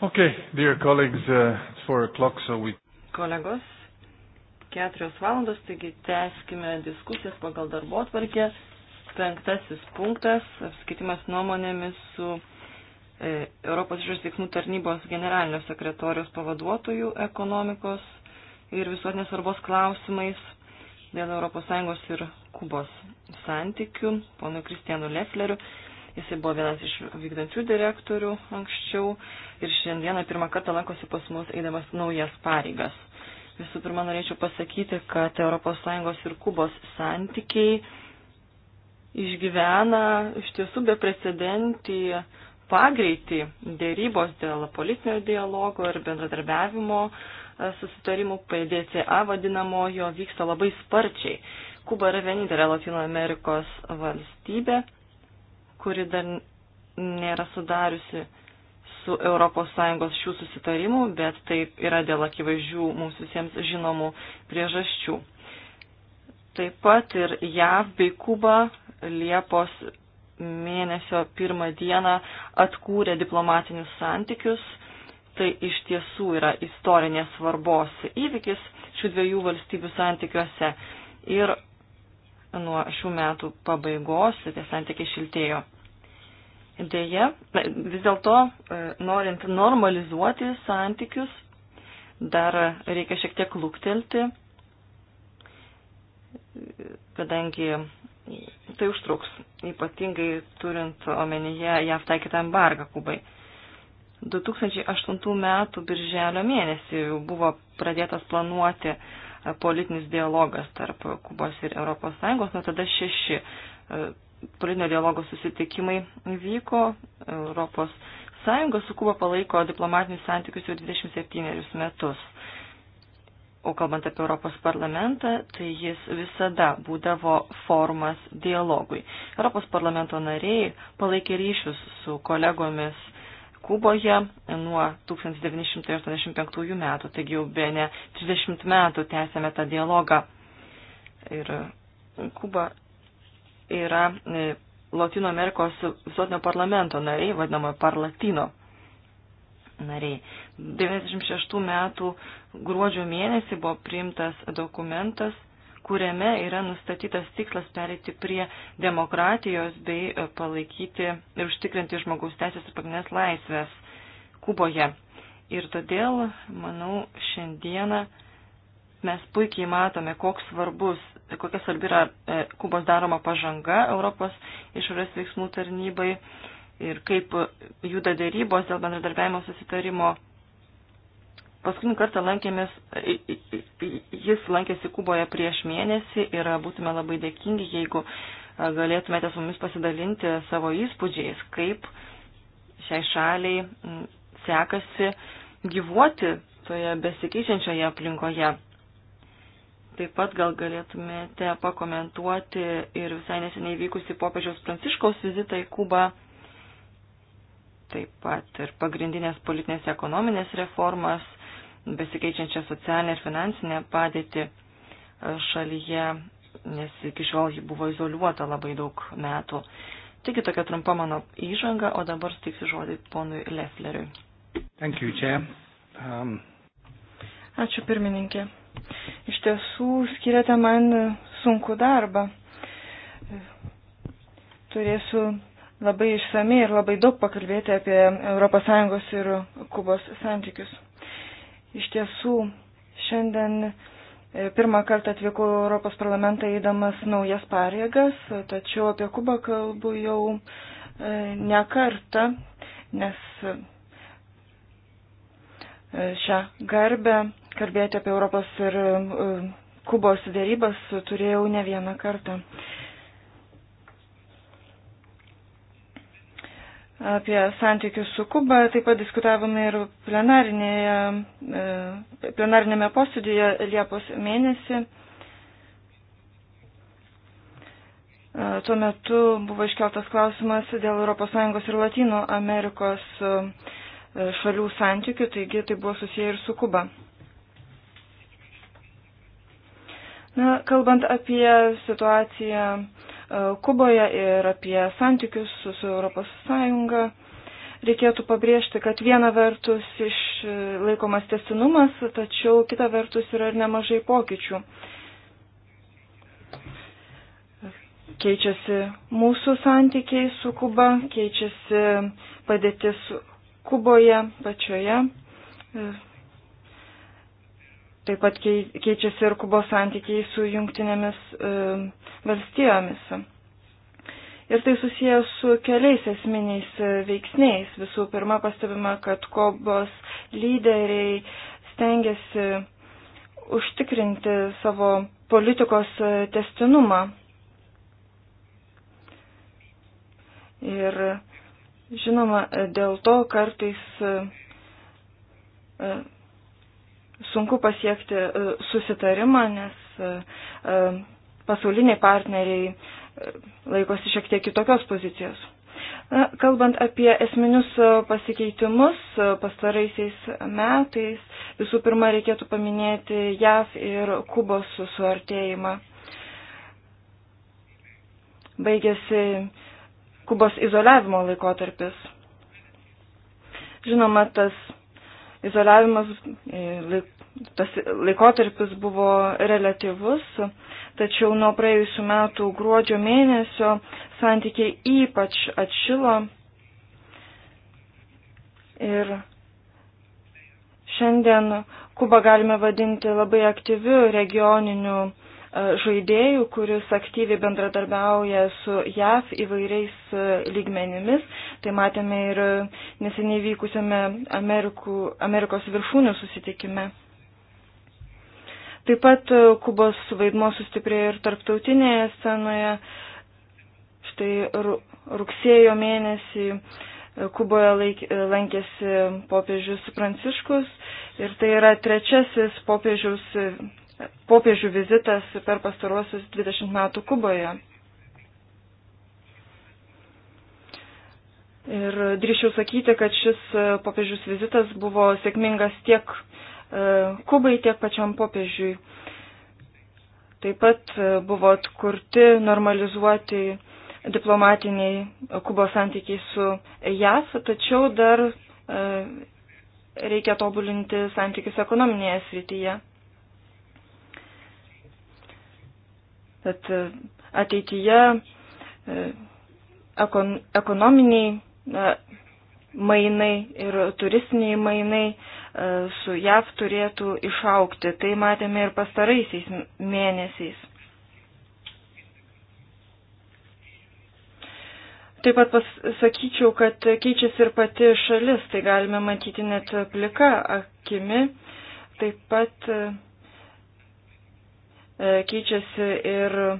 Okay, dear colleagues, uh, it's four o'clock, so we. Kolegos, keturios valandos, taigi tęskime diskusijas pagal darbo atvarkę. Penktasis punktas - apskaitimas nuomonėmis su e, Europos išorės veiksmų tarnybos generalinio sekretorijos pavaduotojų ekonomikos ir visuotinės svarbos klausimais dėl ES ir Kubos santykių, ponu Kristijanu Lefleriu. Jisai buvo vienas iš vykdančių direktorių anksčiau. E, ir šiandieną pirmą kartą lankosi pas mus eidamas naujas pareigas. Visų pirma, norėčiau pasakyti, kad ES ir Kubos santykiai išgyvena iš tiesų beprecedentį pagreitį dėrybos dėl politinio dialogo ir bendradarbiavimo e, susitarimų PDCA vadinamojo vyksta labai sparčiai. Kuba yra vienintelė Latino Amerikos valstybė, kuri dar nėra sudariusi su ES šių susitarimų, bet taip yra dėl akivaizdžių mums visiems žinomų priežasčių. Taip pat ir JAV bei Kuba Liepos mėnesio pirmą dieną atkūrė diplomatinius santykius. Tai iš tiesų yra istorinės svarbos įvykis šių dviejų valstybių santykiuose. Ir nuo šių metų pabaigos tie santykiai šiltėjo. Deja, vis dėlto, e, norint normalizuoti santykius, dar reikia šiek tiek lūktelti, kadangi tai užtruks, ypatingai turint omenyje JAV taikytą embargą Kubai. 2008 metų birželio mėnesį buvo pradėtas planuoti politinis dialogas tarp Kubos ir ES, nuo tada šeši e, politinio dialogo susitikimai vyko. Europos Sąjunga su Kuba palaiko diplomatinius santykius jau 27 metus. O kalbant apie Europos parlamentą, tai jis visada būdavo formas dialogui. Europos parlamento nariai palaikė ryšius su kolegomis Kuboje nuo 1985 metų, taigi jau be ne 30 metų tęsėme tą dialogą. Ir Kuba yra e, Latino Amerikos visuotinio parlamento nariai, vadinamo parlatino nariai. 96 metų gruodžio mėnesį buvo priimtas dokumentas, kuriame yra nustatytas tikslas pereiti prie demokratijos bei e, palaikyti ir užtikrinti žmogaus teisės ir pagrindinės laisvės Kuboje. Ir todėl, manau, šiandieną mes puikiai matome, koks svarbus Tai kokia svarbi yra e, Kubos daroma pažanga Europos išorės veiksmų tarnybai ir kaip juda dėrybos dėl bendradarbiavimo susitarimo. Paskutinį kartą lankėmės, e, jis lankėsi Kuboje prieš mėnesį ir būtume labai dėkingi, jeigu e, galėtumėte su mumis pasidalinti savo įspūdžiais, kaip šiai šaliai sekasi gyvuoti toje besikeičiančioje aplinkoje. Taip pat gal galėtumėte pakomentuoti ir visai neseniai vykusi popiežiaus Pranciškaus vizitą į Kubą, taip pat ir pagrindinės politinės ekonominės reformas, besikeičiančią socialinę ir finansinę padėtį šalyje, nes iki šiol ji buvo izoliuota labai daug metų. Taigi tokia trumpa mano įžanga, o dabar stiksiu žodį ponui Lesleriui. Thank you, Chair. Um... Ačiū pirmininkė. Iš tiesų skiriate man sunku darbą. Turėsiu labai išsamei ir labai daug pakalbėti apie ES ir Kubos santykius. Iš tiesų, šiandien e, pirmą kartą atvykau Europos parlamentą įdamas naujas pareigas, tačiau apie Kubą kalbu jau e, ne kartą, nes e, šią garbę kalbėti apie Europos ir e, Kubos dėrybas turėjau ne vieną kartą. Apie santykius su Kuba taip pat diskutavome ir plenarinėme e, posėdėje Liepos mėnesį. E, tuo metu buvo iškeltas klausimas dėl ES ir Latino Amerikos šalių santykių, taigi tai buvo susiję ir su Kuba. Na, kalbant apie situaciją e, Kuboje ir apie santykius su, su ES, reikėtų pabrėžti, kad viena vertus išlaikomas e, testinumas, tačiau kita vertus yra ir nemažai pokyčių. Keičiasi mūsų santykiai su Kuba, keičiasi padėtis Kuboje pačioje e, Taip pat keičiasi ir Kubos santykiai su jungtinėmis e, valstijomis. Ir tai susijęs su keliais esminiais e, veiksniais. Visų pirma, pastebime, kad Kubos lyderiai stengiasi užtikrinti savo politikos e, testinumą. Ir žinoma, dėl to kartais e, sunku pasiekti e, susitarimą, nes e, e, pasauliniai partneriai laikosi šiek tiek kitokios pozicijos. Na, kalbant apie esminius pasikeitimus pastaraisiais metais, visų pirma reikėtų paminėti JAV ir Kubos suartėjimą. Baigėsi Kubos izoliavimo laikotarpis. Žinoma, tas izoliavimas, e, tas laikotarpis buvo relativus, tačiau nuo praėjusių metų gruodžio mėnesio santykiai ypač atšilo ir šiandien Kubą galime vadinti labai aktyviu regioniniu E, žaidėjų, kuris aktyviai bendradarbiauja su JAV įvairiais e, lygmenimis. Tai matėme ir neseniai vykusiame Amerikų, Amerikos viršūnių susitikime. Taip pat e, Kubos vaidmo sustiprėjo ir tarptautinėje scenoje. Štai rugsėjo mėnesį Kuboje laik, lankėsi popiežius Pranciškus ir tai yra trečiasis popiežiaus popiežių vizitas per pastaruosius 20 metų Kuboje. Ir drįšiau sakyti, kad šis popiežius vizitas buvo sėkmingas tiek e, Kubai, tiek pačiam popiežiui. Taip pat e, buvo atkurti, normalizuoti diplomatiniai Kubos santykiai su JAS, tačiau dar e, reikia tobulinti santykius ekonominėje srityje. kad e, ateityje e, ekon, ekonominiai mainai ir turistiniai mainai e, su JAV turėtų išaukti. Tai matėme ir pastaraisiais mėnesiais. Taip pat pasakyčiau, kad keičiasi ir pati šalis, tai galime matyti net plika akimi. Taip pat E, keičiasi ir e,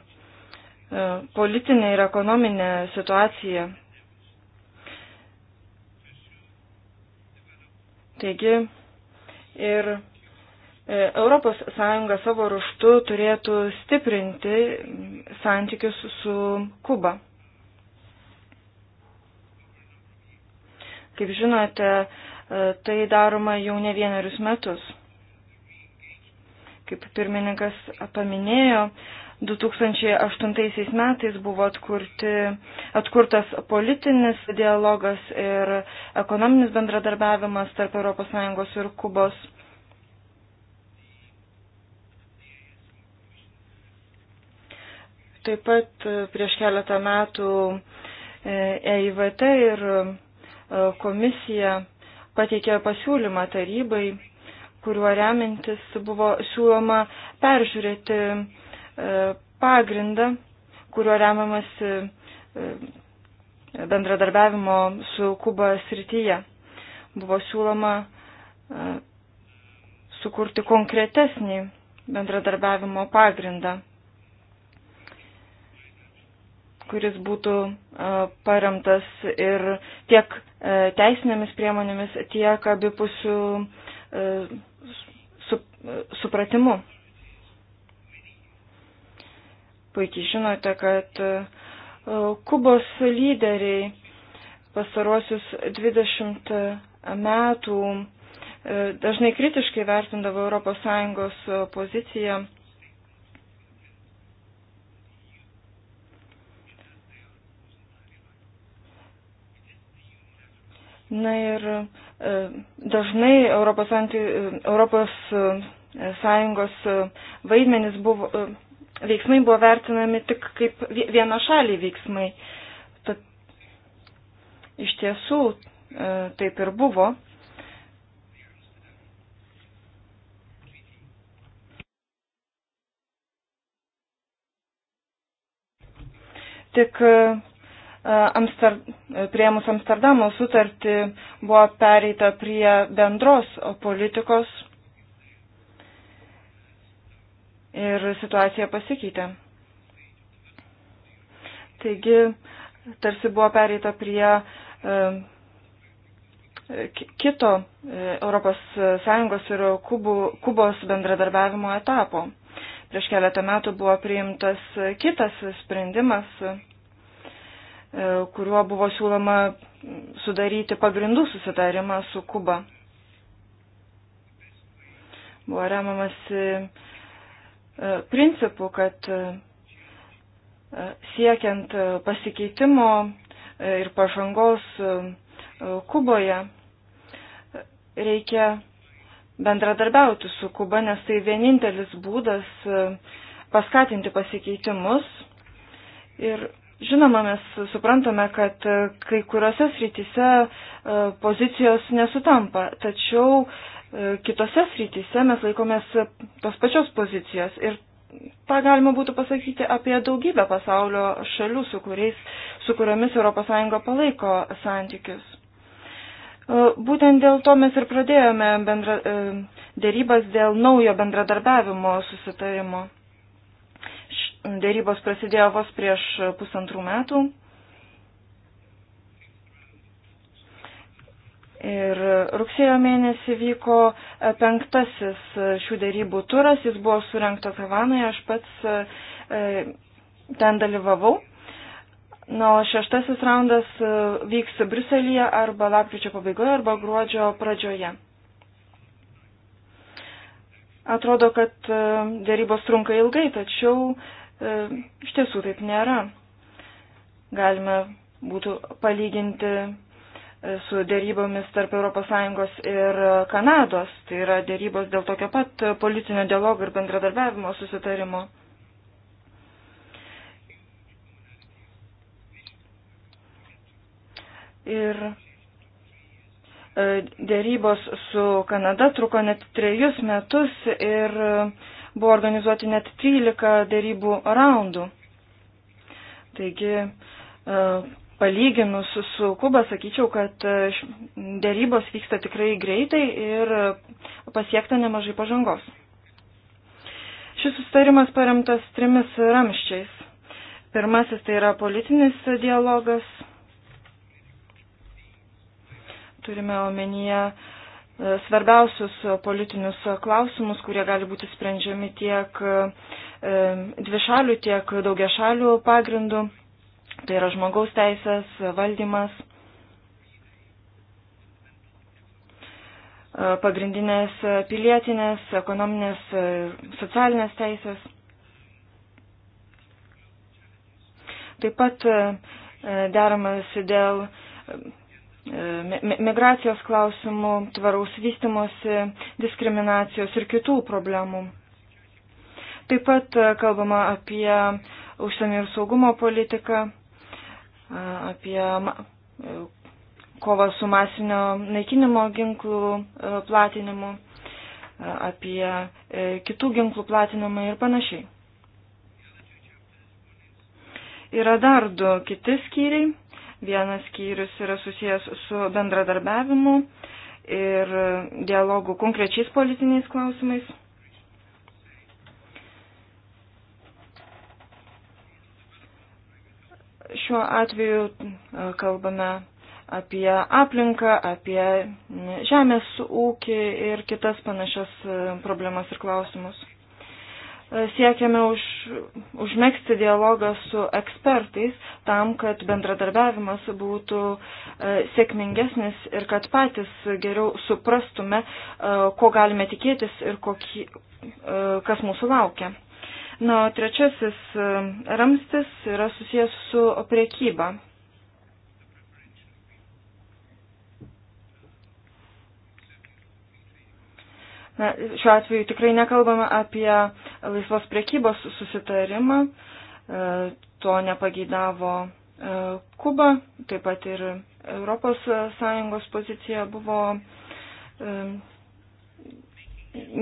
politinė ir ekonominė situacija. Taigi ir ES savo ruštu turėtų stiprinti santykius su Kuba. Kaip žinote, e, tai daroma jau ne vienerius metus. Kaip pirmininkas paminėjo, 2008 metais buvo atkurti, atkurtas politinis dialogas ir ekonominis bendradarbiavimas tarp ES ir Kubos. Taip pat e, prieš keletą metų EIVT e ir e, komisija pateikė pasiūlymą tarybai kuriuo remintis buvo siūloma peržiūrėti e, pagrindą, kuriuo remiamasi e, bendradarbiavimo su Kuba srityje. Buvo siūloma e, sukurti konkretesnį bendradarbiavimo pagrindą, kuris būtų paremtas ir tiek teisinėmis priemonėmis, tiek abipusių supratimu. Puikiai žinote, kad e, Kubos lyderiai pasarosius 20 metų e, dažnai kritiškai vertindavo ES poziciją. Na ir e, dažnai Europos, anti, Europos sąjungos e, vaidmenis buvo, e, veiksmai buvo vertinami tik kaip vienašaliai veiksmai. Tad iš tiesų e, taip ir buvo. Tik Amster, priemus Amsterdamo sutartį buvo pereita prie bendros politikos ir situacija pasikeitė. Taigi, tarsi buvo pereita prie e, kito ES ir Kubų, Kubos bendradarbiavimo etapo. Prieš keletą metų buvo priimtas kitas sprendimas, e, kuriuo buvo siūloma sudaryti pagrindų susitarimą su Kuba. Buvo remamasi E, principų, kad e, e, siekiant pasikeitimo ir pažangos Kuboje reikia bendradarbiauti su Kuba, nes tai vienintelis būdas paskatinti pasikeitimus. Ir žinoma, mes suprantame, kad kai kuriuose srityse pozicijos nesutampa, tačiau E, kitose srityse mes laikomės tos pačios pozicijos. Ir tą galima būtų pasakyti apie daugybę pasaulio šalių, su, kuriais, su kuriomis ES palaiko santykius. E, būtent dėl to mes ir pradėjome bendra, e, dėrybas dėl naujo bendradarbiavimo susitarimo. Dėrybos prasidėjo vos prieš pusantrų metų Ir rugsėjo mėnesį vyko e, penktasis e, šių dėrybų turas, jis buvo surinktas Havanoje, aš pats e, ten dalyvavau. Na, o šeštasis raundas vyks Briuselėje arba lapkričio pabaigoje arba gruodžio pradžioje. Atrodo, kad dėrybos trunka ilgai, tačiau iš tiesų taip nėra. Galime būtų palyginti E, su dėrybomis tarp ES ir e, Kanados. Tai yra dėrybos dėl tokio pat politinio dialogo ir bendradarbiavimo susitarimo. Ir e, dėrybos su Kanada truko net trejus metus ir buvo organizuoti net 13 dėrybų raundų. Taigi palyginus su Kuba, sakyčiau, kad e, dėrybos vyksta tikrai greitai ir pasiekta nemažai pažangos. Šis sustarimas paremtas trimis ramščiais. Pirmasis tai yra politinis dialogas. Turime omenyje e, svarbiausius politinius klausimus, kurie gali būti sprendžiami tiek e, dvišalių, tiek daugiašalių pagrindų Tai yra žmogaus teisės, valdymas, e, pagrindinės pilietinės, ekonominės, e, socialinės teisės. Taip pat e, deramasi dėl migracijos klausimų, tvaraus vystimosi, diskriminacijos ir kitų problemų. Taip pat kalbama apie užsienio ir saugumo politiką apie kovą su masinio naikinimo ginklų e, platinimu, e, apie e, kitų ginklų platinimą ir panašiai. Yra dar du kiti skyriai. Vienas skyrius yra susijęs su bendradarbiavimu ir dialogu konkrečiais politiniais klausimais. Šiuo atveju e, kalbame apie aplinką, apie žemės ūkį ir kitas panašias e, problemas ir klausimus. E, siekiame už, užmėgsti dialogą su ekspertais tam, kad bendradarbiavimas būtų sėkmingesnis ir kad patys geriau suprastume, ko galime tikėtis ir kokie, kas mūsų laukia. Na, o trečiasis e, ramstis yra susijęs su priekyba. Na, šiuo atveju tikrai nekalbame apie laisvos priekybos susitarimą, e, to nepageidavo e, Kuba, taip pat ir ES pozicija buvo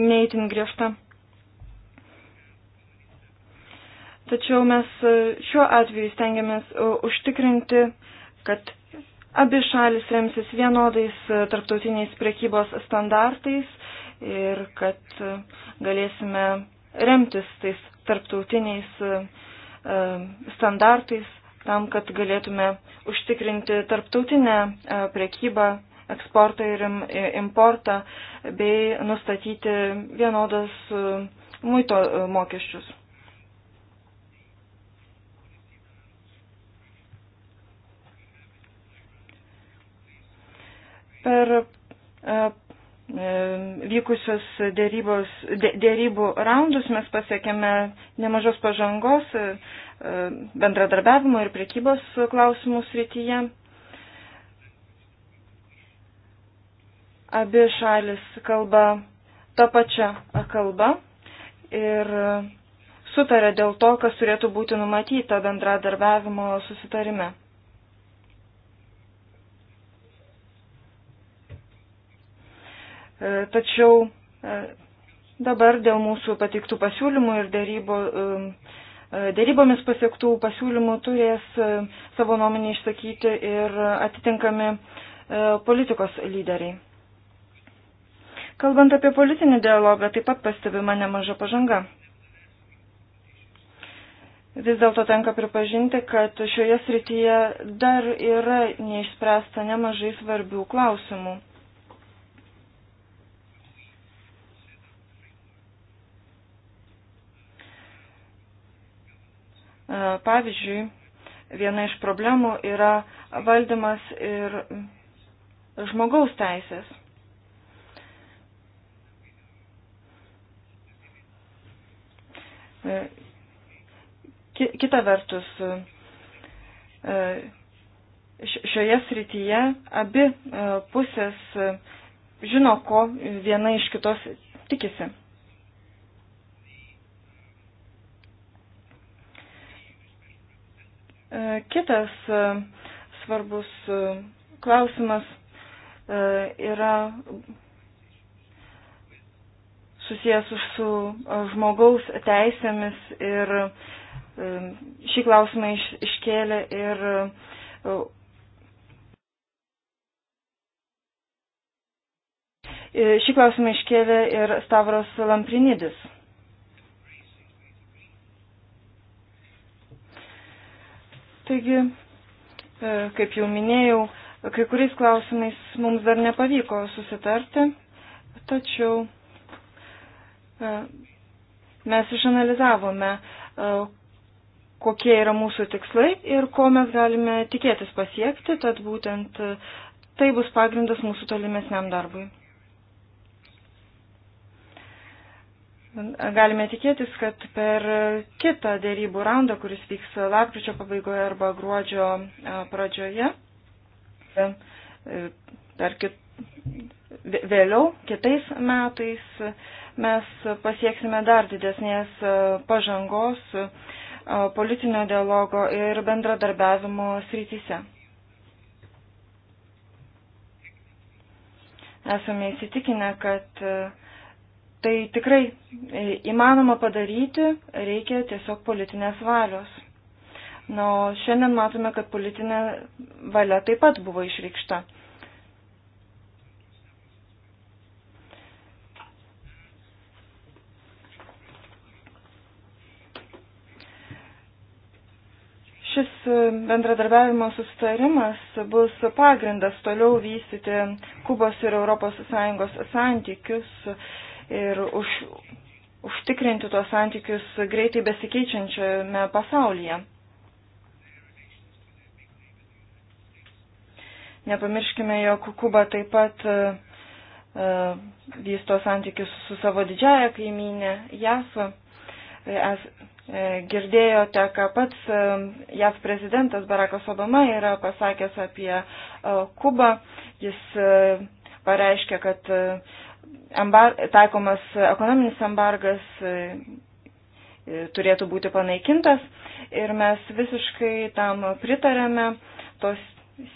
neįtin griežta. Tačiau mes e, šiuo atveju stengiamės e, užtikrinti, kad abi šalis remsis vienodais e, tarptautiniais prekybos standartais ir kad galėsime remtis tais tarptautiniais standartais tam, kad galėtume užtikrinti tarptautinę prekybą, eksportą ir importą bei nustatyti vienodas muito mokesčius. Per e, e, vykusius dėrybos, dėrybų raundus mes pasiekėme nemažos pažangos e, bendradarbiavimo ir prekybos klausimų srityje. Abi šalis kalba tą pačią kalbą ir sutarė dėl to, kas turėtų būti numatyta bendradarbiavimo susitarime. E, tačiau e, dabar dėl mūsų pateiktų pasiūlymų ir dėrybo, e, dėrybomis pasiektų pasiūlymų turės savo nuomonį išsakyti ir atitinkami politikos lyderiai. Kalbant apie politinį dialogą, taip pat pastebima nemaža pažanga. Vis dėlto tenka pripažinti, kad šioje srityje dar yra neišspręsta nemažai svarbių klausimų. E, pavyzdžiui, viena iš problemų yra valdymas ir žmogaus teisės. E, kita vertus, e, šioje srityje abi pusės žino, ko viena iš kitos tikisi. E, kitas e, svarbus e, klausimas yra susijęs su žmogaus teisėmis ir šį klausimą iš, iškėlė ir šį klausimą iškėlė ir Stavros Lamprinidis. Taigi, e, kaip jau minėjau, kai kuriais klausimais mums dar nepavyko susitarti, tačiau e, mes išanalizavome, e, kokie yra mūsų tikslai ir ko mes galime tikėtis pasiekti, tad būtent tai bus pagrindas mūsų tolimesniam darbui. Galime tikėtis, kad per kitą dėrybų raundą, kuris vyks lapkričio pabaigoje arba gruodžio pradžioje, e, per kit, vėliau kitais metais mes pasieksime dar didesnės pažangos politinio dialogo ir bendradarbiavimo srityse. Esame įsitikinę, kad Tai tikrai e, įmanoma padaryti, reikia tiesiog politinės valios. Na, nu, o šiandien matome, kad politinė valia taip pat buvo išreikšta. šis e, bendradarbiavimo sustarimas bus pagrindas toliau vystyti Kubos ir ES santykius ir už, užtikrinti tuos santykius greitai besikeičiančiame pasaulyje. Nepamirškime, jog Kuba taip pat uh, vysto santykius su savo didžiaja kaimynė JAF. Es, girdėjote, ką pats e, JAF prezidentas Barackas Obama yra pasakęs apie Kubą. Jis pareiškia, kad uh, embar, taikomas ekonominis embargas e, e, turėtų būti panaikintas ir mes visiškai tam pritarėme, tos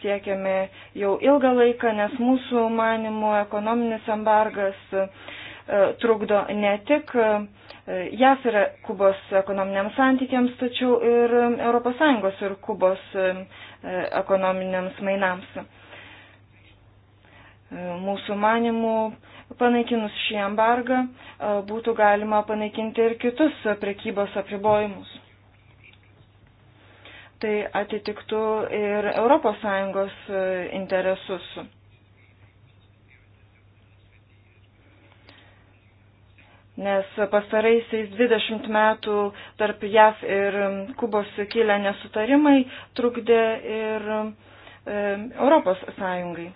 siekiame jau ilgą laiką, nes mūsų manimų ekonominis embargas e, trukdo ne tik JAF ir Kubos ekonominiams santykiams, tačiau ir ES ir Kubos ekonominiams mainams. Mūsų manimų Panaikinus šį embargą e, būtų galima panaikinti ir kitus prekybos apribojimus. Tai atitiktų ir ES e, interesus. nes pastaraisiais 20 metų tarp JAV ir Kubos kilę nesutarimai trukdė ir e, Europos Sąjungai.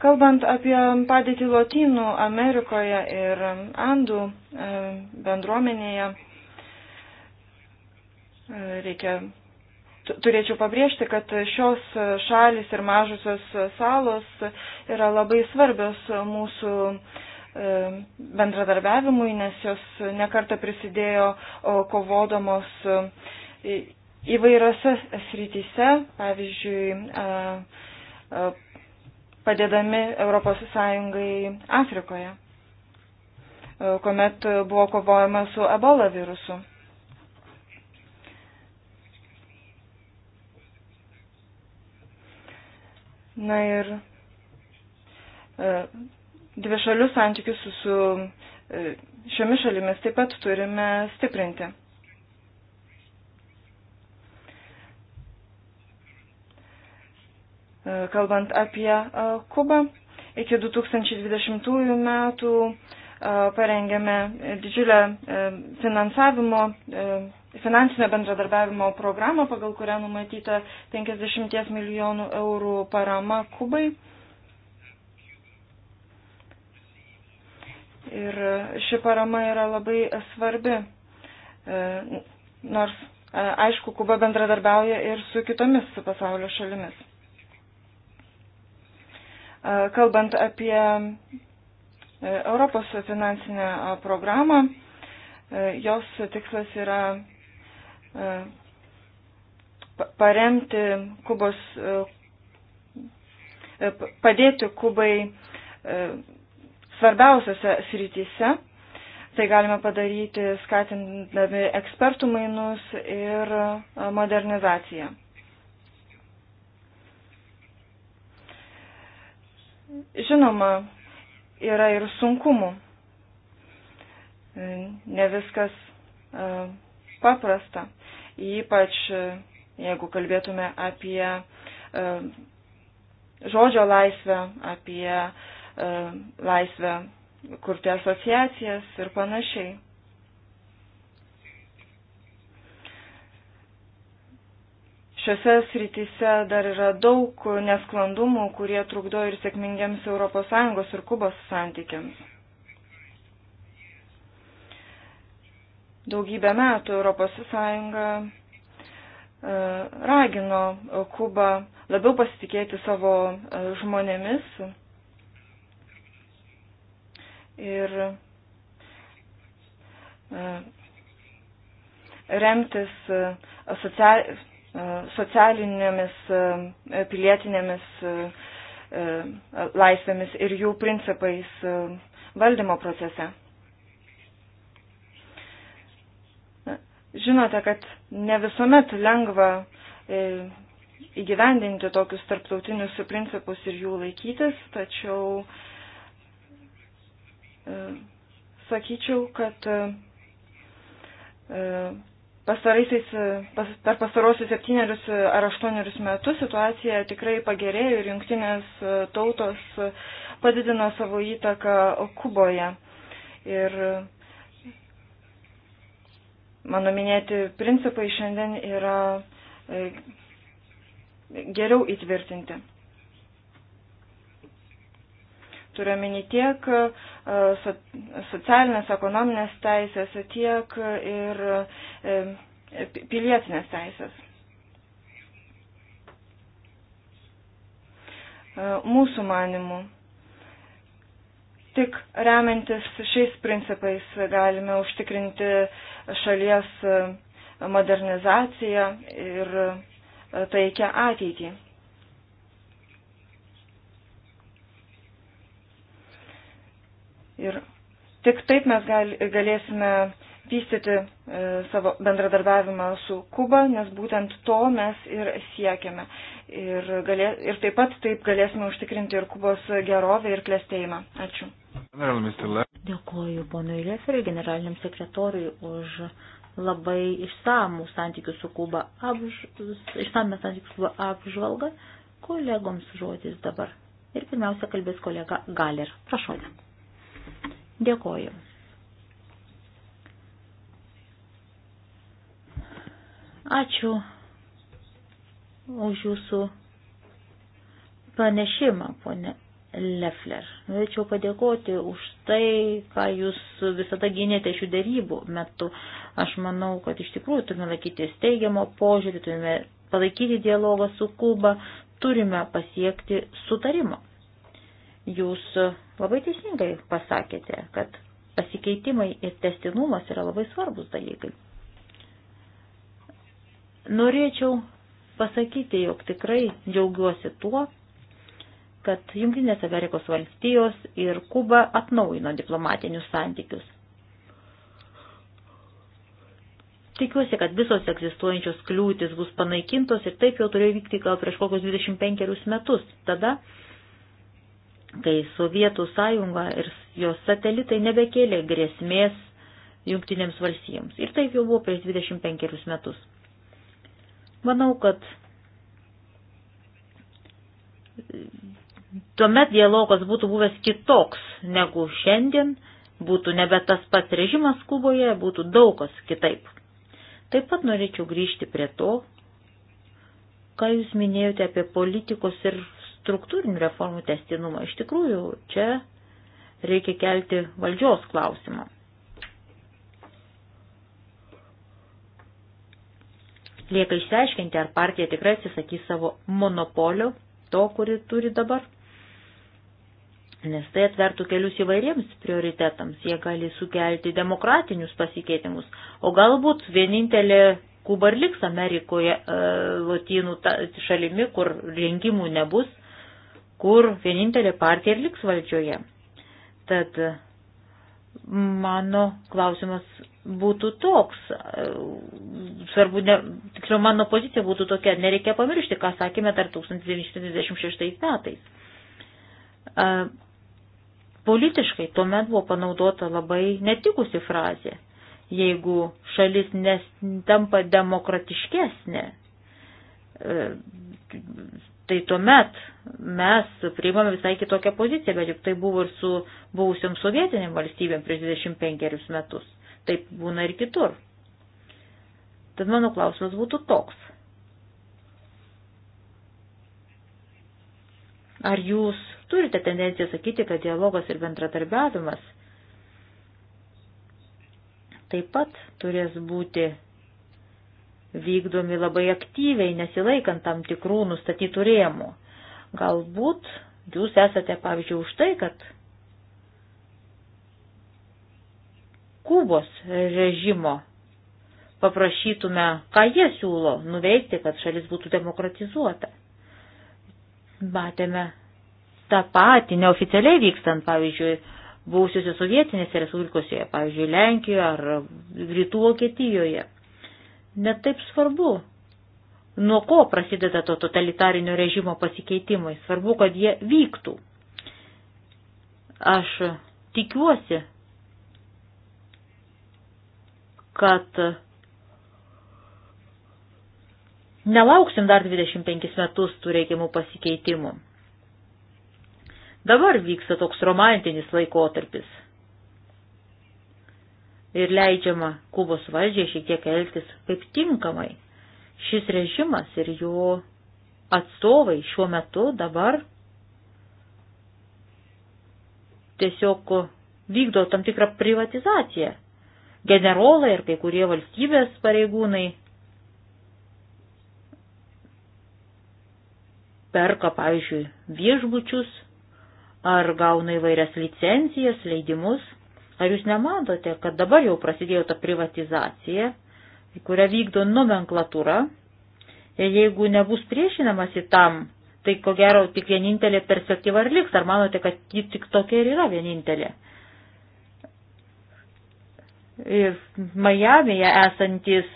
Kalbant apie padėtį Lotynų Amerikoje ir Andų e, bendruomenėje, e, reikia, turėčiau pabrėžti, kad šios šalis ir mažusios salos yra labai svarbios mūsų e, bendradarbiavimui, nes jos nekarta prisidėjo kovodamos įvairiose srityse, pavyzdžiui, padėdami ES Afrikoje, e, kuomet buvo kovojama su ebola virusu. Na ir e, dvišalius santykius su e, šiomis šalimis taip pat turime stiprinti. E, kalbant apie e, Kubą. Iki 2020 metų e, parengėme didžiulę finansavimo, finansinio bendradarbiavimo programą, pagal kurią numatyta 50 milijonų eurų parama Kubai. Ir ši parama yra labai svarbi, nors aišku, Kuba bendradarbiauja ir su kitomis pasaulio šalimis. Kalbant apie e, Europos finansinę programą, e, jos tikslas yra e, paremti Kubos, padėti Kubai svarbiausiose srityse. Tai galime padaryti skatindami ekspertų mainus ir modernizaciją. Žinoma, yra ir sunkumų. Ne viskas e, paprasta. Ypač e, jeigu kalbėtume apie e, žodžio laisvę, apie laisvę kurti asociacijas ir panašiai. Šiuose srityse dar yra daug nesklandumų, kurie trukdo ir sėkmingiams ES ir Kubos santykiams. Daugybę metų ES e, ragino Kubą labiau pasitikėti savo e, žmonėmis ir e, remtis social socialinėmis, e, pilietinėmis e, e, laisvėmis ir jų principais valdymo procese. Žinote, kad ne visuomet lengva įgyvendinti tokius tarptautinius principus ir jų laikytis, tačiau sakyčiau, kad Pastaraisiais, pas, per pastarosius septynerius ar aštuonerius metus situacija tikrai pagerėjo ir jungtinės e, tautos padidino savo įtaką Kuboje. Ir mano minėti principai šiandien yra e, geriau įtvirtinti. Turiu meni tiek E, socialinės, ekonominės teisės, tiek ir e, pilietinės teisės. E, mūsų manimų. Tik remiantis šiais principais galime užtikrinti šalies modernizaciją ir taikę ateitį. Ir tik taip mes gal, galėsime vystyti e, savo bendradarbiavimą su Kuba, nes būtent to mes ir siekiame. Ir, galė, ir taip pat taip galėsime užtikrinti ir Kubos gerovę ir klėstėjimą. Ačiū. Dėkuoju ponui Leseriui, generaliniam sekretoriui, už labai išsamų santykių su Kuba apž... išsamę santykių su Kuba apžvalgą. Kolegoms žodis dabar. Ir pirmiausia kalbės kolega Galer. Prašau. Dėkui. Dėkoju. Ačiū už jūsų pranešimą, ponė Lefler. Norėčiau padėkoti už tai, ką jūs visada gynėte šių dėrybų metu. Aš manau, kad iš tikrųjų turime laikytis teigiamo požiūrį, turime palaikyti dialogą su Kuba, turime pasiekti sutarimo. Jūs Labai teisingai pasakėte, kad pasikeitimai ir testinumas yra labai svarbus dalykai. Norėčiau pasakyti, jog tikrai džiaugiuosi tuo, kad Junktinės Amerikos valstijos ir Kuba atnaujino diplomatinius santykius. Tikiuosi, kad visos egzistuojančios kliūtis bus panaikintos ir taip jau turėjo vykti gal prieš kokius 25 metus. Tada kai Sovietų sąjunga ir jos satelitai nebekėlė grėsmės jungtinėms valstijoms. Ir taip jau buvo prieš 25 metus. Manau, kad tuomet dialogas būtų buvęs kitoks negu šiandien, būtų nebe tas pats režimas Kuboje, būtų daug kas kitaip. Taip pat norėčiau grįžti prie to, ką jūs minėjote apie politikos ir struktūrinių reformų testinumą. Iš tikrųjų, čia reikia kelti valdžios klausimą. Lieka išsiaiškinti, ar partija tikrai atsisakys savo monopolio, to, kurį turi dabar, nes tai atvertų kelius įvairiems prioritetams, jie gali sukelti demokratinius pasikeitimus, o galbūt vienintelė Kuba ir liks Amerikoje e, lotynų ta, šalimi, kur rinkimų nebus kur vienintelė partija ir liks valdžioje. Tad mano klausimas būtų toks, svarbu, ne, tiksliau mano pozicija būtų tokia, nereikia pamiršti, ką sakėme dar 1996 metais. Politiškai tuomet buvo panaudota labai netikusi frazė. Jeigu šalis tampa demokratiškesnė, e, tai tuomet mes priimame visai kitokią poziciją, bet juk tai buvo ir su buvusiam sovietiniam valstybėm prieš 25 metus. Taip būna ir kitur. Tad mano klausimas būtų toks. Ar jūs turite tendenciją sakyti, kad dialogas ir bendratarbiavimas taip pat turės būti vykdomi labai aktyviai, nesilaikant tam tikrų nustatytų rėmų. Galbūt jūs esate, pavyzdžiui, už tai, kad Kubos režimo paprašytume, ką jie siūlo nuveikti, kad šalis būtų demokratizuota. Matėme tą patį neoficialiai vykstant, pavyzdžiui, buvusiuose sovietinėse respublikose, pavyzdžiui, Lenkijoje ar Rytų Vokietijoje netaip svarbu, nuo ko prasideda to totalitarinio režimo pasikeitimai. Svarbu, kad jie vyktų. Aš tikiuosi, kad nelauksim dar 25 metus tų reikiamų pasikeitimų. Dabar vyksta toks romantinis laikotarpis ir leidžiama Kubos valdžiai šiek tiek elgtis kaip tinkamai. Šis režimas ir jo atstovai šiuo metu dabar tiesiog vykdo tam tikrą privatizaciją. Generolai ir kai kurie valstybės pareigūnai perka, pavyzdžiui, viešbučius ar gauna įvairias licencijas, leidimus – Ar jūs nematote, kad dabar jau prasidėjo ta privatizacija, kurią vykdo nomenklatūra, ir jeigu nebus priešinamasi tam, tai ko gero tik vienintelė perspektyva ir liks, ar manote, kad ji tik tokia ir yra vienintelė? Ir Majamėje esantis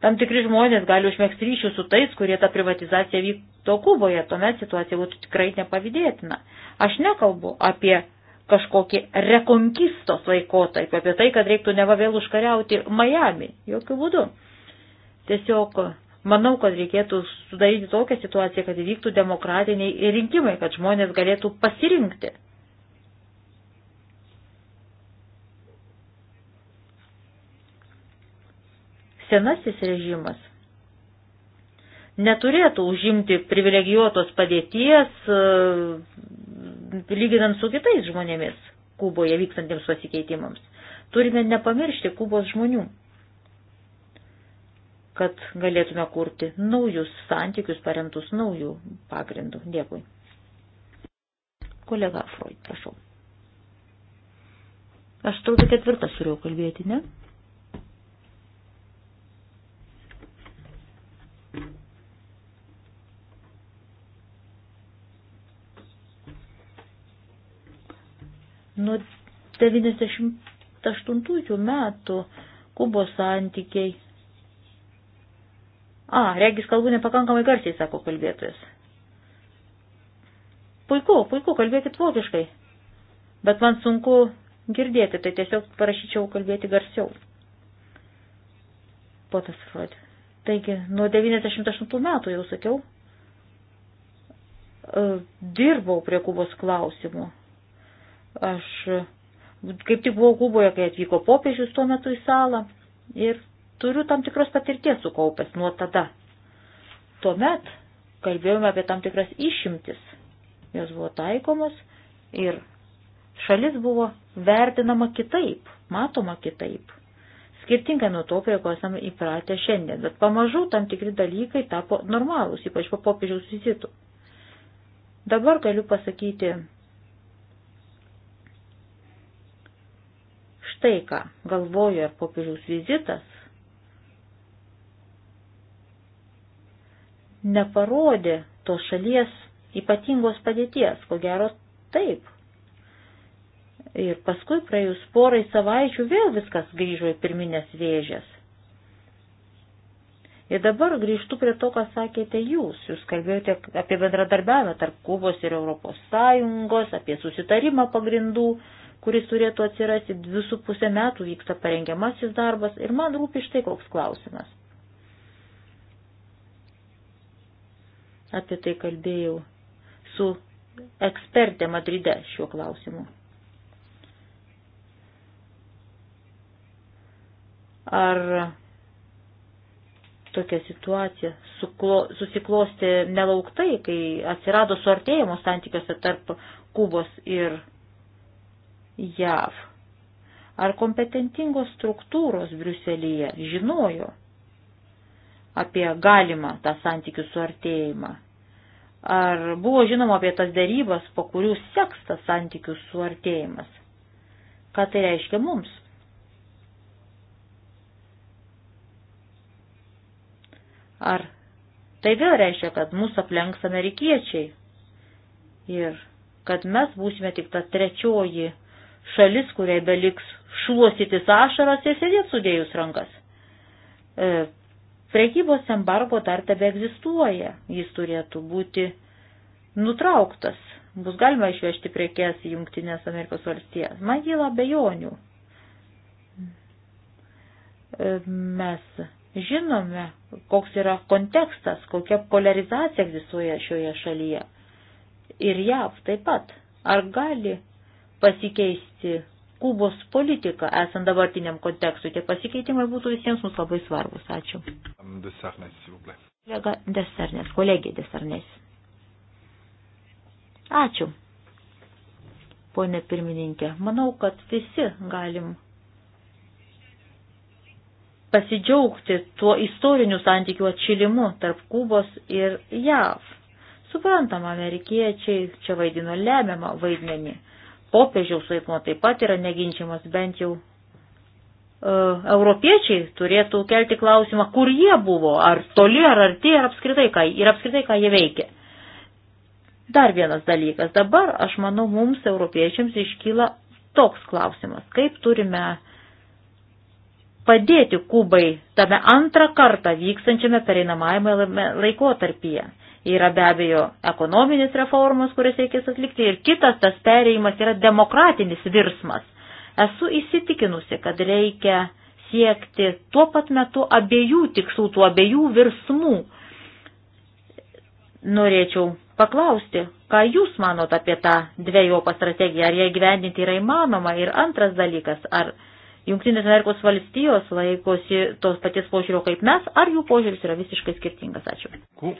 tam tikri žmonės gali užmėgsti ryšių su tais, kurie tą privatizaciją vykdo Kuboje, tuomet situacija būtų tikrai nepavydėtina. Aš nekalbu apie kažkokį rekonkistos laikotarpį, apie tai, kad reiktų neva vėl užkariauti Miami. Jokių būdų. Tiesiog manau, kad reikėtų sudaryti tokią situaciją, kad įvyktų demokratiniai rinkimai, kad žmonės galėtų pasirinkti. Senasis režimas neturėtų užimti privilegijuotos padėties, lyginant su kitais žmonėmis Kuboje vykstantiems pasikeitimams. Turime nepamiršti Kubos žmonių, kad galėtume kurti naujus santykius paremtus naujų pagrindų. Dėkui. Kolega Freud, prašau. Aš turbūt ketvirtas turėjau kalbėti, ne? Nuo 98 metų Kubos santykiai. A, regis kalbu nepakankamai garsiai, sako kalbėtojas. Puiku, puiku, kalbėkit vokiškai. Bet man sunku girdėti, tai tiesiog parašyčiau kalbėti garsiau. Potas Freud. Taigi, nuo 98 metų jau sakiau, e, dirbau prie Kubos klausimų. Aš kaip tik buvau Kuboje, kai atvyko popiežius tuo metu į salą ir turiu tam tikros patirties sukaupęs nuo tada. Tuomet kalbėjome apie tam tikras išimtis. Jos buvo taikomos ir šalis buvo vertinama kitaip, matoma kitaip. Skirtingai nuo to, prie ko esame įpratę šiandien, bet pamažu tam tikri dalykai tapo normalūs, ypač po popiežiaus vizitų. Dabar galiu pasakyti štai ką galvoju, ar popiežiaus vizitas neparodė tos šalies ypatingos padėties, ko gero taip. Ir paskui praėjus porai savaičių vėl viskas grįžo į pirminės vėžės. Ir dabar grįžtu prie to, ką sakėte jūs. Jūs kalbėjote apie bendradarbiavimą tarp Kubos ir Europos Sąjungos, apie susitarimą pagrindų, kuris turėtų atsirasti, dvi su pusę metų vyksta parengiamasis darbas ir man rūpi štai koks klausimas. Apie tai kalbėjau su ekspertė Madride šiuo klausimu. Ar tokia situacija suklo, susiklosti nelauktai, kai atsirado suartėjimo santykiuose tarp Kubos ir JAV. Ar kompetentingos struktūros Briuselyje žinojo apie galimą tą santykių suartėjimą? Ar buvo žinoma apie tas dėrybas, po kurių seks tas santykių suartėjimas? Ką tai reiškia mums? Ar tai vėl reiškia, kad mūsų aplenks amerikiečiai ir kad mes būsime tik ta trečioji šalis, kuriai beliks šluostytis ašaras ir sėdėti sudėjus rankas. E, prekybos embargo dar tebe egzistuoja, jis turėtų būti nutrauktas, bus galima išvežti prekes į Junktinės Amerikos valstijas. Man kyla bejonių. E, mes žinome, koks yra kontekstas, kokia polarizacija egzistuoja šioje šalyje. Ir jav taip pat. Ar gali pasikeisti Kubos politiką, esant dabartiniam kontekstui. Tie pasikeitimai būtų visiems mums labai svarbus. Ačiū. Desarnės, Kolega Desarnės, kolegė Desarnės. Ačiū. Pone pirmininkė, manau, kad visi galim pasidžiaugti tuo istoriniu santykiu atšilimu tarp Kubos ir JAV. Suprantama, amerikiečiai čia vaidino lemiamą vaidmenį popiežiaus vaidmo taip pat yra neginčiamas, bent jau e, europiečiai turėtų kelti klausimą, kur jie buvo, ar toli, ar arti, ar apskritai, ką, ir apskritai, ką jie veikia. Dar vienas dalykas. Dabar, aš manau, mums, europiečiams, iškyla toks klausimas, kaip turime padėti Kubai tame antrą kartą vykstančiame pereinamajame laikotarpyje. Yra be abejo ekonominis reformos, kurias reikės atlikti ir kitas tas perėjimas yra demokratinis virsmas. Esu įsitikinusi, kad reikia siekti tuo pat metu abiejų tikslų, tų abiejų virsmų. Norėčiau paklausti, ką Jūs manote apie tą dviejopą strategiją, ar ją gyvendinti yra įmanoma. Ir antras dalykas, ar Junktinės Amerikos valstijos laikosi tos paties požiūrio kaip mes, ar jų požiūris yra visiškai skirtingas. Ačiū. Cool.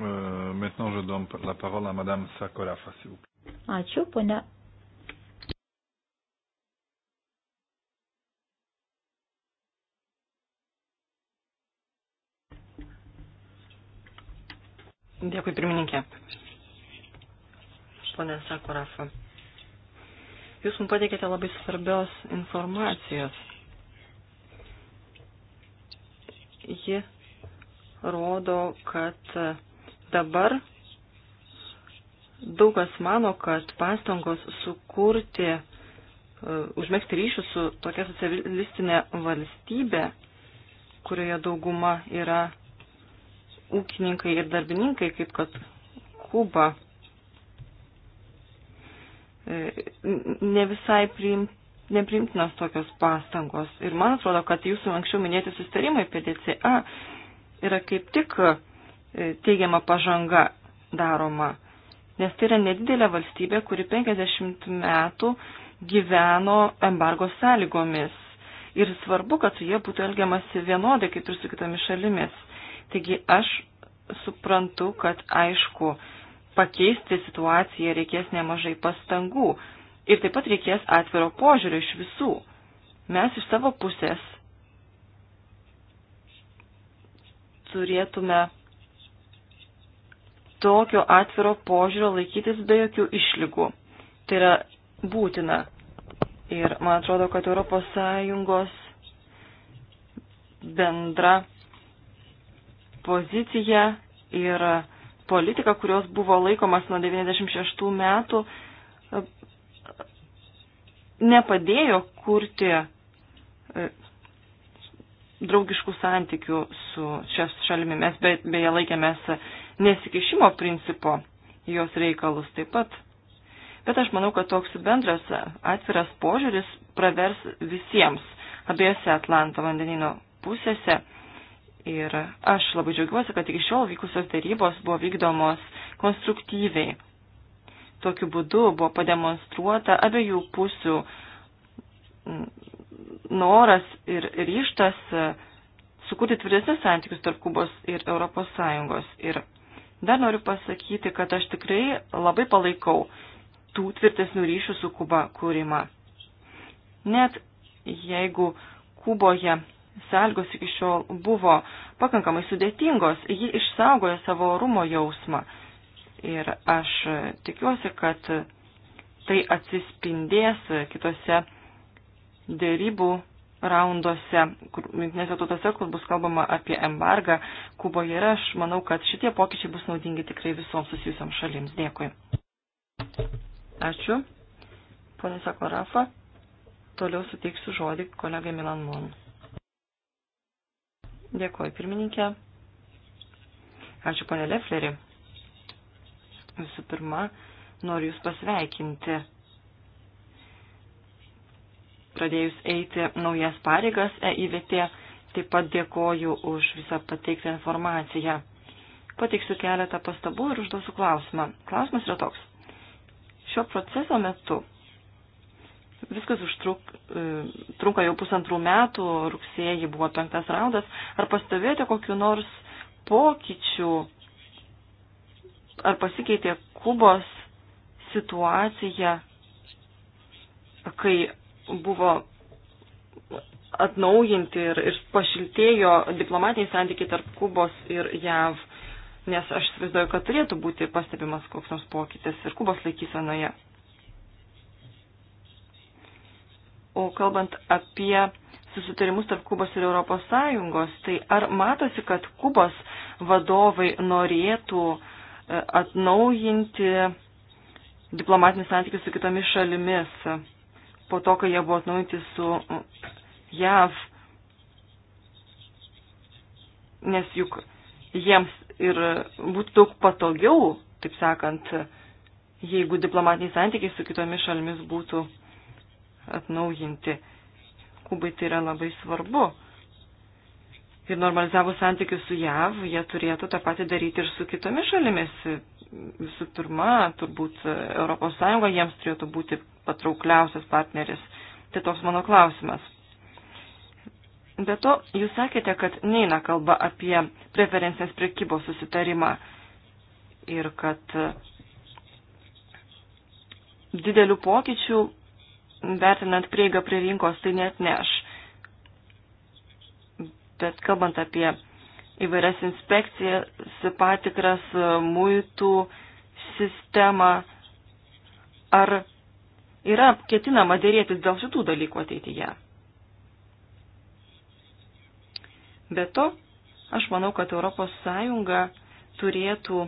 Euh, maintenant, je donne la parole à Madame Sakorafa, s'il vous plaît. Ačiū, ponia. Dėkui, pirmininkė. Pone Sakorafa, jūs mums pateikėte labai svarbios informacijos. Ji rodo, kad Dabar daug kas mano, kad pastangos sukurti, e, užmėgti ryšių su tokia socialistinė valstybė, kurioje dauguma yra ūkininkai ir darbininkai, kaip kad Kuba, e, ne visai priimti nepriimtinos tokios pastangos. Ir man atrodo, kad jūsų anksčiau minėti sustarimai PDCA yra kaip tik E, teigiama pažanga daroma. Nes tai yra nedidelė valstybė, kuri 50 metų gyveno embargo sąlygomis. Ir svarbu, kad su jie būtų elgiamasi vienodai, kaip ir su kitomis šalimis. Taigi aš suprantu, kad aišku, pakeisti situaciją reikės nemažai pastangų. Ir taip pat reikės atviro požiūrio iš visų. Mes iš savo pusės turėtume tokio atviro požiūrio laikytis be jokių išlygų. Tai yra būtina. Ir man atrodo, kad ES bendra pozicija ir politika, kurios buvo laikomas nuo 96 metų, nepadėjo kurti e, draugiškų santykių su šias šalimi. Mes be, beje laikėmės nesikišimo principo į jos reikalus taip pat. Bet aš manau, kad toks bendras atviras požiūris pravers visiems abiejose Atlanto vandenino pusėse. Ir aš labai džiaugiuosi, kad iki šiol vykusios dėrybos buvo vykdomos konstruktyviai. Tokiu būdu buvo pademonstruota abiejų pusių noras ir ryštas sukurti tvirtesnius santykius tarp Kubos ir Europos Sąjungos. Ir Dar noriu pasakyti, kad aš tikrai labai palaikau tų tvirtesnių ryšių su Kuba kūrimą. Net jeigu Kuboje sąlygos iki šiol buvo pakankamai sudėtingos, ji išsaugojo savo orumo jausmą. Ir aš tikiuosi, kad tai atsispindės kitose dėrybų raunduose, jungtinėse tautose, kur bus kalbama apie embargą Kuboje ir aš manau, kad šitie pokyčiai bus naudingi tikrai visoms susijusiam šalims. Dėkui. Ačiū. Pone Sakorafa, toliau suteiksiu žodį kolegai Milan Mon. Dėkuoju, pirmininkė. Ačiū, ponė Lefleri. Visų pirma, noriu Jūs pasveikinti pradėjus eiti naujas pareigas EIVT. Taip pat dėkoju už visą pateiktą informaciją. Pateiksiu keletą pastabų ir užduosiu klausimą. Klausimas yra toks. Šio proceso metu viskas užtruk, e, trunka jau pusantrų metų, rugsėjį buvo penktas raundas. Ar pastebėjote kokiu nors pokyčių, ar pasikeitė Kubos situacija, kai buvo atnaujinti ir, ir pašiltėjo diplomatiniai santykiai tarp Kubos ir JAV, nes aš įsivaizduoju, kad turėtų būti pastebimas koks nors pokytis ir Kubos laikysenoje. O kalbant apie susitarimus tarp Kubos ir Europos Sąjungos, tai ar matosi, kad Kubos vadovai norėtų e, atnaujinti diplomatinius santykius su kitomis šalimis? po to, kai jie buvo atnaujinti su JAV, nes juk jiems ir būtų daug patogiau, taip sakant, jeigu diplomatiniai santykiai su kitomis šalimis būtų atnaujinti. Kubai tai yra labai svarbu. Ir normalizavus santykius su JAV, jie turėtų tą patį daryti ir su kitomis šalimis. Visų pirma, turbūt ES jiems turėtų būti patraukliausias partneris. Tai toks mano klausimas. Be to, jūs sakėte, kad neina kalba apie preferencinės prekybos susitarimą ir kad didelių pokyčių, vertinant prieigą prie rinkos, tai net neš. Bet kalbant apie įvairias inspekcijas, patikras, muitų sistemą, ar yra ketinama dėrėtis dėl šitų dalykų ateityje. Be to, aš manau, kad ES turėtų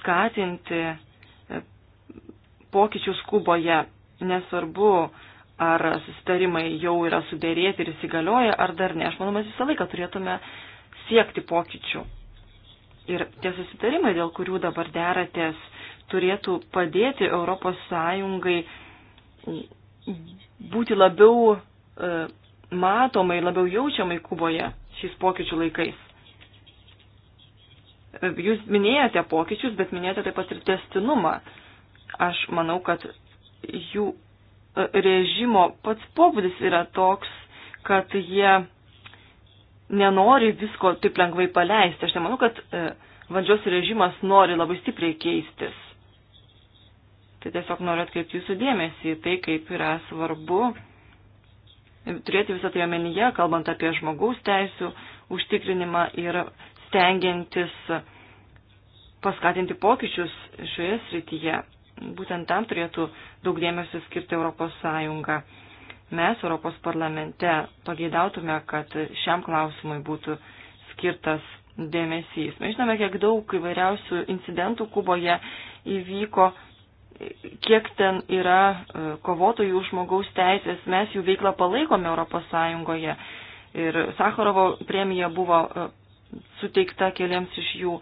skatinti e, pokyčius Kuboje, nesvarbu, ar susitarimai jau yra sudėrėti ir įsigalioja, ar dar ne. Aš manau, mes visą laiką turėtume siekti pokyčių. Ir tie susitarimai, dėl kurių dabar deratės, turėtų padėti ES būti labiau e, matomai, labiau jaučiamai Kuboje šiais pokyčių laikais. E, jūs minėjote pokyčius, bet minėjote taip pat ir testinumą. Aš manau, kad jų e, režimo pats pobūdis yra toks, kad jie nenori visko taip lengvai paleisti. Aš nemanau, kad valdžios režimas nori labai stipriai keistis. Tai tiesiog noriu atkreipti jūsų dėmesį į tai, kaip yra svarbu turėti visą tai omenyje, kalbant apie žmogaus teisų užtikrinimą ir stengiantis paskatinti pokyčius šioje srityje. Būtent tam turėtų daug dėmesio skirti Europos Sąjunga. Mes Europos parlamente pageidautume, kad šiam klausimui būtų skirtas dėmesys. Mes žinome, kiek daug įvairiausių incidentų Kuboje įvyko kiek ten yra e, kovotojų žmogaus teisės, mes jų veiklą palaikome Europos Sąjungoje. Ir Sakarovo premija buvo e, suteikta keliams iš jų.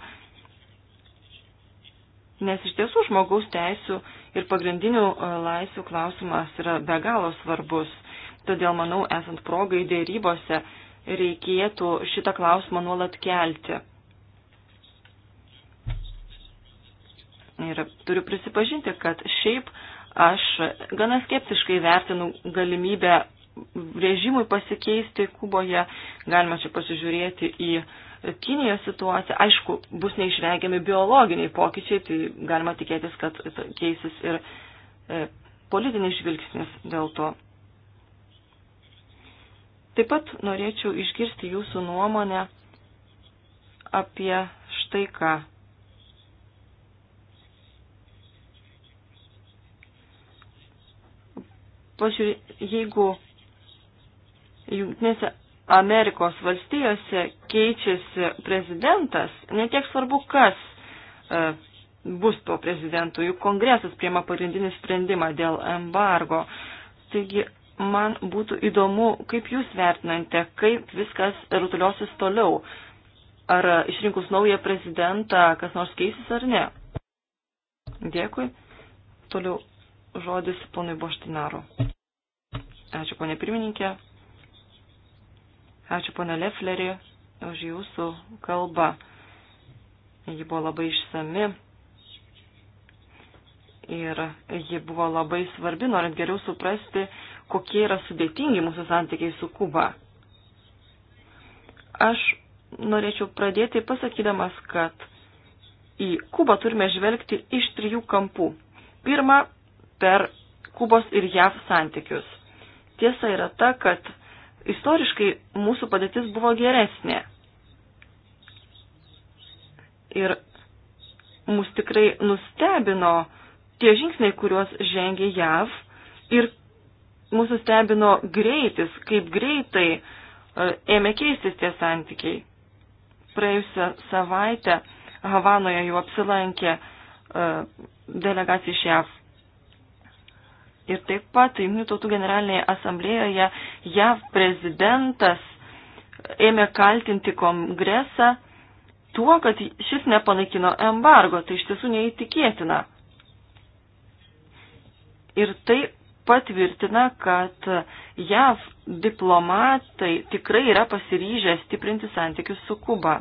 Nes iš tiesų žmogaus teisų ir pagrindinių e, laisvių klausimas yra be galo svarbus. Todėl, manau, esant progai dėrybose reikėtų šitą klausimą nuolat kelti. Ir turiu prisipažinti, kad šiaip aš gana skeptiškai vertinu galimybę režimui pasikeisti Kuboje. Galima čia pasižiūrėti į Kinijos situaciją. Aišku, bus neišvengiami biologiniai pokyčiai, tai galima tikėtis, kad keisis ir e, politinis žvilgsnis dėl to. Taip pat norėčiau išgirsti jūsų nuomonę apie štai ką Pažiūrė, jeigu Junktinėse Amerikos valstijose keičiasi prezidentas, netiek svarbu, kas e, bus to prezidentu, juk kongresas priema pagrindinį sprendimą dėl embargo. Taigi, man būtų įdomu, kaip jūs vertinate, kaip viskas rutuliosis toliau. Ar išrinkus naują prezidentą, kas nors keisis ar ne? Dėkui. Toliau žodis ponui Boštinaro. Ačiū ponė pirmininkė. Ačiū ponė Lefleri už jūsų kalbą. Ji buvo labai išsami ir ji buvo labai svarbi, norint geriau suprasti, kokie yra sudėtingi mūsų santykiai su Kuba. Aš norėčiau pradėti pasakydamas, kad į Kubą turime žvelgti iš trijų kampų. Pirma, per Kubos ir JAV santykius. Tiesa yra ta, kad istoriškai mūsų padėtis buvo geresnė. Ir mus tikrai nustebino tie žingsniai, kuriuos žengė JAV ir mūsų stebino greitis, kaip greitai e, ėmė keistis tie santykiai. Praėjusią savaitę Havanoje jau apsilankė e, delegacija iš JAV Ir taip pat Junktinių tautų generalinėje asamblėjoje JAV prezidentas ėmė kaltinti kongresą tuo, kad šis nepanaikino embargo. Tai iš tiesų neįtikėtina. Ir tai patvirtina, kad JAV diplomatai tikrai yra pasiryžę stiprinti santykius su Kuba.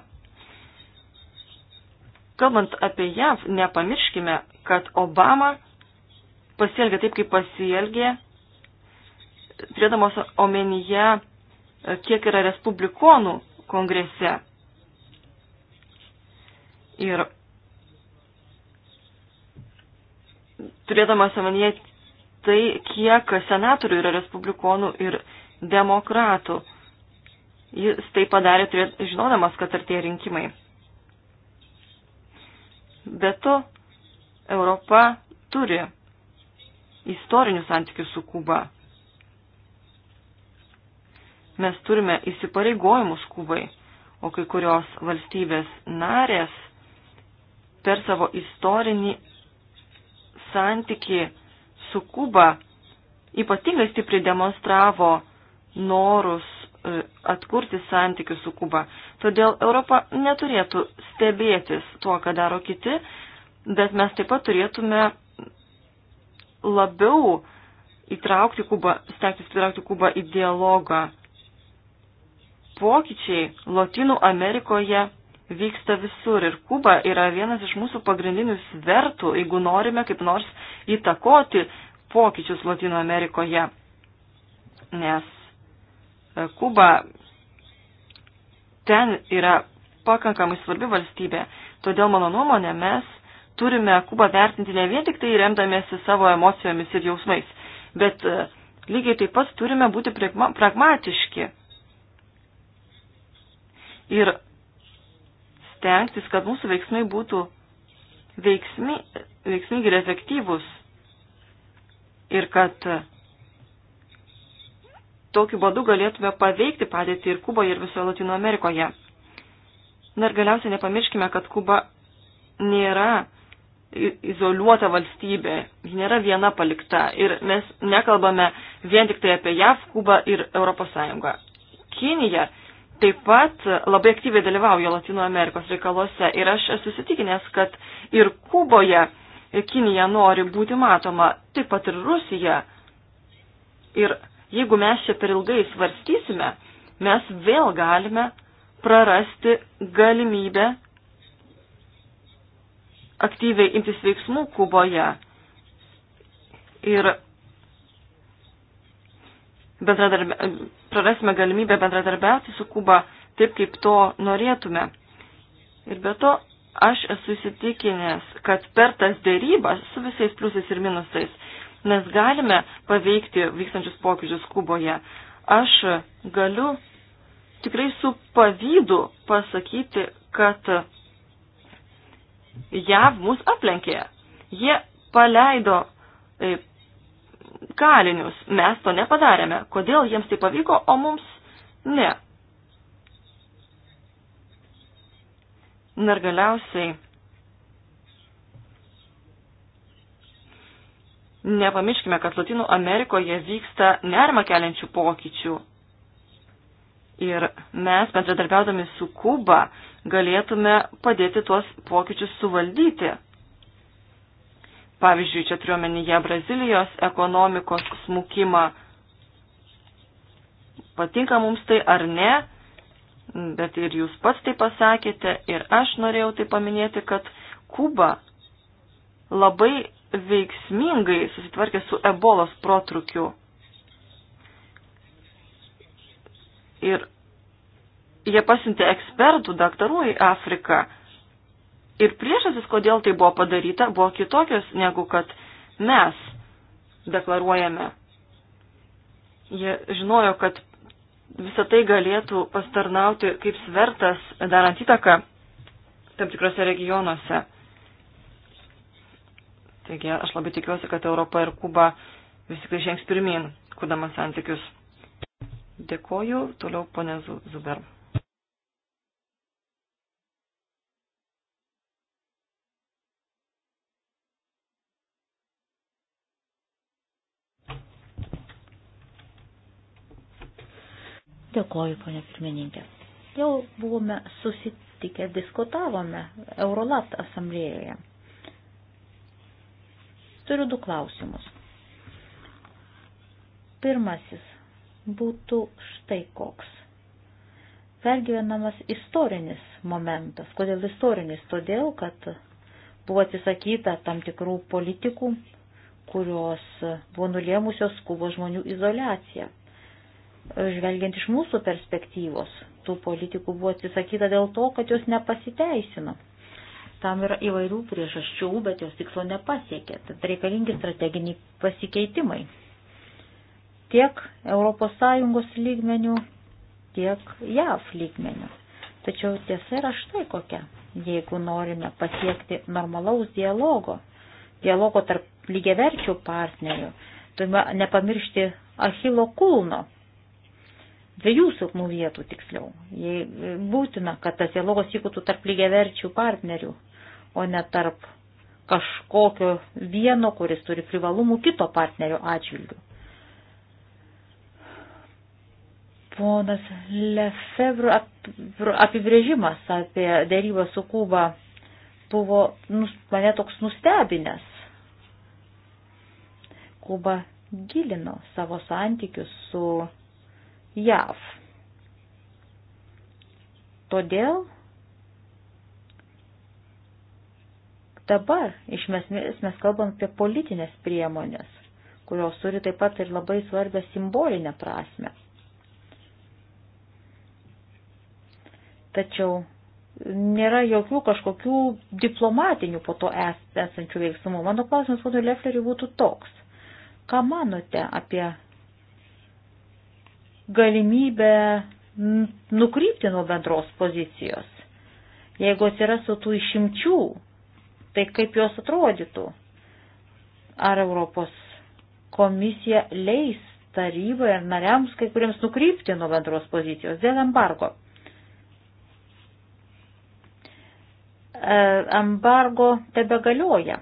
Kalbant apie JAV, nepamirškime, kad Obama pasielgė taip, kaip pasielgė, turėdamos omenyje, e, kiek yra respublikonų kongrese. Ir turėdamas omenyje tai, kiek senatorių yra respublikonų ir demokratų. Jis tai padarė, turėt, žinodamas, kad artėja rinkimai. Be to, Europa turi istorinių santykių su Kuba. Mes turime įsipareigojimus Kubai, o kai kurios valstybės narės per savo istorinį santyki su Kuba ypatingai stipriai demonstravo norus e, atkurti santykius su Kuba. Todėl Europa neturėtų stebėtis tuo, ką daro kiti, bet mes taip pat turėtume labiau įtraukti Kubą, stengtis įtraukti Kubą į dialogą. Pokyčiai Latinų Amerikoje vyksta visur ir Kuba yra vienas iš mūsų pagrindinių svertų, jeigu norime kaip nors įtakoti pokyčius Latino Amerikoje. Nes e, Kuba ten yra pakankamai svarbi valstybė. Todėl, mano nuomonė, mes turime Kubą vertinti ne vien tik tai remdamėsi savo emocijomis ir jausmais, bet e, lygiai taip pat turime būti pragmatiški ir stengtis, kad mūsų veiksmai būtų veiksmi, veiksmingi ir efektyvūs ir kad tokiu būdu galėtume paveikti padėtį ir Kuboje, ir visoje Latino Amerikoje. Na ir galiausiai nepamirškime, kad Kuba nėra izoliuota valstybė, ji nėra viena palikta ir mes nekalbame vien tik tai apie JAV, Kubą ir ES. Kinija taip pat labai aktyviai dalyvauja Latino Amerikos reikaluose ir aš esu įsitikinęs, kad ir Kuboje Kinija nori būti matoma, taip pat ir Rusija. Ir jeigu mes čia per ilgai svarstysime, mes vėl galime prarasti galimybę aktyviai imtis veiksmų Kuboje ir prarasime galimybę bendradarbiauti su Kuba taip, kaip to norėtume. Ir be to, aš esu įsitikinęs, kad per tas dėrybas su visais pliusais ir minusais mes galime paveikti vykstančius pokyčius Kuboje. Aš galiu tikrai su pavydu pasakyti, kad JAV mus aplenkė. Jie paleido e, kalinius. Mes to nepadarėme. Kodėl jiems tai pavyko, o mums ne. Ir galiausiai nepamirškime, kad Latino Amerikoje vyksta nerma keliančių pokyčių. Ir mes, bendradarbiaudami su Kuba, galėtume padėti tuos pokyčius suvaldyti. Pavyzdžiui, čia turiuomenyje Brazilijos ekonomikos smukimą. Patinka mums tai ar ne, bet ir jūs pats tai pasakėte, ir aš norėjau tai paminėti, kad Kuba labai veiksmingai susitvarkė su ebolos protrukiu. Ir jie pasiuntė ekspertų, daktarų į Afriką. Ir priežasis, kodėl tai buvo padaryta, buvo kitokios negu kad mes deklaruojame. Jie žinojo, kad visą tai galėtų pastarnauti kaip svertas, darant įtaką tam tikrose regionuose. Taigi aš labai tikiuosi, kad Europa ir Kuba vis tik tai žengs pirmin, kūdama santykius. Dėkoju. Toliau ponė Zuber. Dėkoju, ponė pirmininkė. Jau buvome susitikę, diskutavome Eurolat asamblėjoje. Turiu du klausimus. Pirmasis būtų štai koks. Pergyvenamas istorinis momentas. Kodėl istorinis? Todėl, kad buvo atsisakyta tam tikrų politikų, kurios buvo nulėmusios Kubos žmonių izolaciją. Žvelgiant iš mūsų perspektyvos, tų politikų buvo atsisakyta dėl to, kad jos nepasiteisino. Tam yra įvairių priežasčių, bet jos tikslo nepasiekė. Tad reikalingi strateginiai pasikeitimai tiek ES lygmenių, tiek JAV lygmenių. Tačiau tiesa yra štai kokia, jeigu norime pasiekti normalaus dialogo, dialogo tarp lygiaverčių partnerių, turime nepamiršti Achilo kulno, dviejų silpnų vietų tiksliau. Jei būtina, kad tas dialogas įkūtų tarp lygiaverčių partnerių, o ne tarp kažkokio vieno, kuris turi privalumų kito partnerio atžvilgių. Ponas Lefebvre apibrėžimas apie dėrybą su Kuba buvo nus, mane toks nustebinęs. Kuba gilino savo santykius su JAV. Todėl dabar iš esmės mes kalbam apie politinės priemonės, kurios turi taip pat ir labai svarbę simbolinę prasme. Tačiau nėra jokių kažkokių diplomatinių po to esančių veiksmų. Mano klausimas, ponui Lefleriui, būtų toks. Ką manote apie galimybę nukrypti nuo bendros pozicijos? Jeigu atsirastų tų išimčių, tai kaip jos atrodytų? Ar Europos komisija leis tarybai ar nariams kai kuriems nukrypti nuo bendros pozicijos dėl embargo? E, embargo tebegalioja.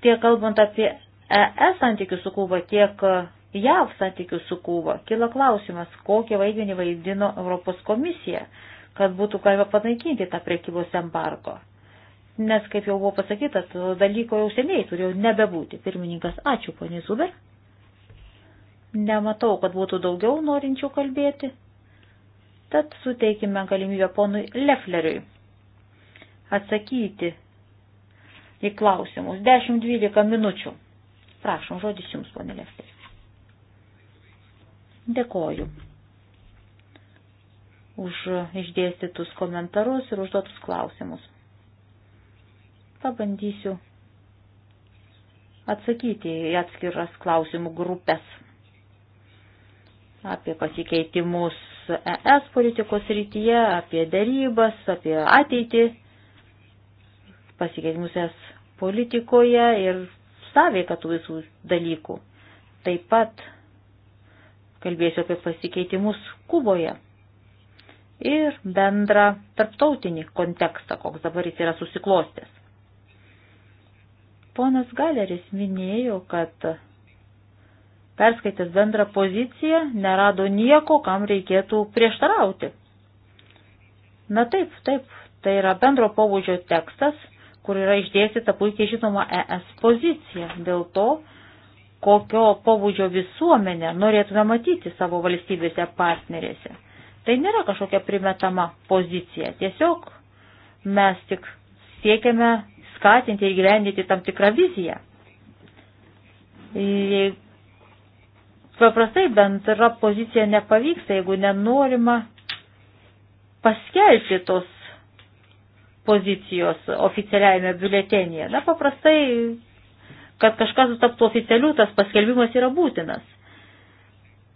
Tiek kalbant apie ES santykių su Kuba, tiek JAV santykių su Kuba, kila klausimas, kokį vaidmenį vaidino Europos komisija, kad būtų galima panaikinti tą prekybos embargo. Nes, kaip jau buvo pasakyta, to dalyko jau seniai turėjo nebebūti. Pirmininkas, ačiū, ponė Zuber. Nematau, kad būtų daugiau norinčių kalbėti. Tad suteikime galimybę ponui Lefleriui atsakyti į klausimus. 10-12 minučių. Prašom, žodis jums, ponė Lefleri. Dėkoju už išdėstytus komentarus ir užduotus klausimus. Pabandysiu atsakyti į atskiras klausimų grupės apie pasikeitimus ES politikos rytyje, apie darybas, apie ateitį, pasikeitimus ES politikoje ir sąveiką tų visų dalykų. Taip pat kalbėsiu apie pasikeitimus Kuboje ir bendrą tarptautinį kontekstą, koks dabar jis yra susiklostęs. Ponas Galeris minėjo, kad perskaitęs bendrą poziciją, nerado nieko, kam reikėtų prieštarauti. Na taip, taip, tai yra bendro pobūdžio tekstas, kur yra išdėstyta puikiai žinoma ES pozicija dėl to, kokio pobūdžio visuomenę norėtume matyti savo valstybėse partnerėse. Tai nėra kažkokia primetama pozicija, tiesiog mes tik siekiame skatinti ir gyvendyti tam tikrą viziją. Jeigu Paprastai bendra pozicija nepavyksta, jeigu nenorima paskelbti tos pozicijos oficialiajame biuletenyje. Na, paprastai, kad kažkas taptų oficialiu, tas paskelbimas yra būtinas.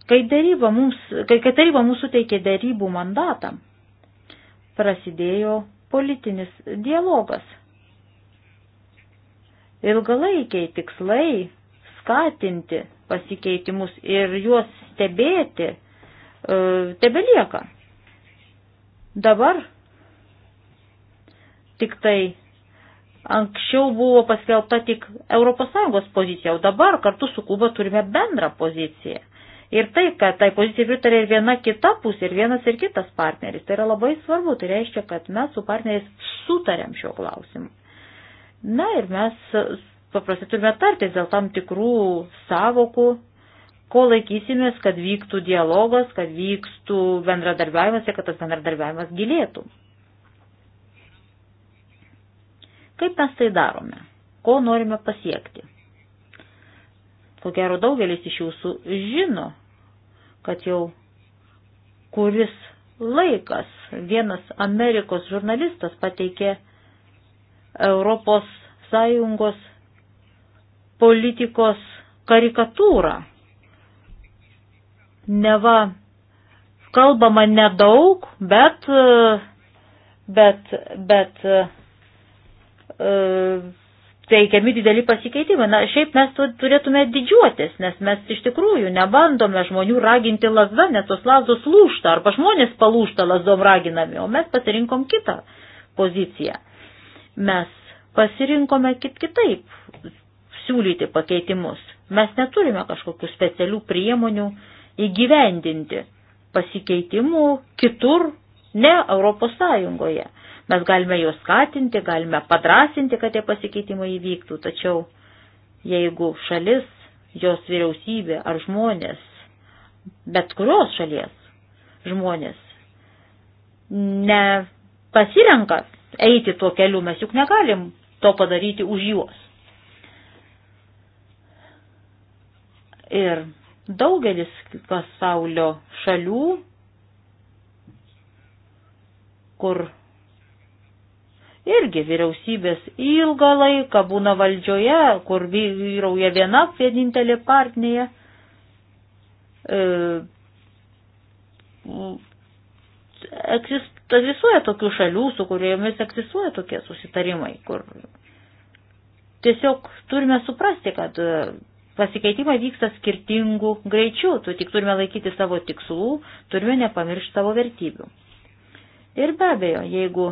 Kai, daryba mums, kai, kai taryba mums suteikė darybų mandatą, prasidėjo politinis dialogas. Ilgalaikiai tikslai skatinti pasikeitimus ir juos stebėti e, tebelieka. Dabar tik tai anksčiau buvo paskelbta tik ES pozicija, o dabar kartu su Kuba turime bendrą poziciją. Ir tai, kad tai pozicijai pritarė ir viena kita pusė, ir vienas ir kitas partneris, tai yra labai svarbu, tai reiškia, kad mes su partneriais sutarėm šiuo klausimu. Na ir mes paprastai turime tartis dėl tam tikrų savokų, ko laikysimės, kad vyktų dialogas, kad vyktų bendradarbiavimas ir kad tas bendradarbiavimas gilėtų. Kaip mes tai darome? Ko norime pasiekti? Ko gero daugelis iš jūsų žino, kad jau kuris laikas vienas Amerikos žurnalistas pateikė Europos Sąjungos politikos karikatūrą. Neva kalbama nedaug, bet, bet, bet e, teikiami dideli pasikeitimai. Na, šiaip mes turėtume didžiuotis, nes mes iš tikrųjų nebandome žmonių raginti lasdą, nes tos lazdos lūšta, arba žmonės palūšta lasdom raginami, o mes pasirinkom kitą poziciją. Mes pasirinkome kit kitaip siūlyti pakeitimus. Mes neturime kažkokių specialių priemonių įgyvendinti pasikeitimų kitur, ne Europos Sąjungoje. Mes galime juos skatinti, galime padrasinti, kad tie pasikeitimai įvyktų, tačiau jeigu šalis, jos vyriausybė ar žmonės, bet kurios šalies žmonės nepasirenka eiti tuo keliu, mes juk negalim to padaryti už juos. Ir daugelis pasaulio šalių, kur irgi vyriausybės ilgą laiką būna valdžioje, kur vyrauja viena vienintelė partija. E, egzistuoja tokių šalių, su kuriomis egzistuoja tokie susitarimai, kur tiesiog turime suprasti, kad Pasikeitimai vyksta skirtingų greičių, tu tik turime laikyti savo tikslų, turime nepamiršti savo vertybių. Ir be abejo, jeigu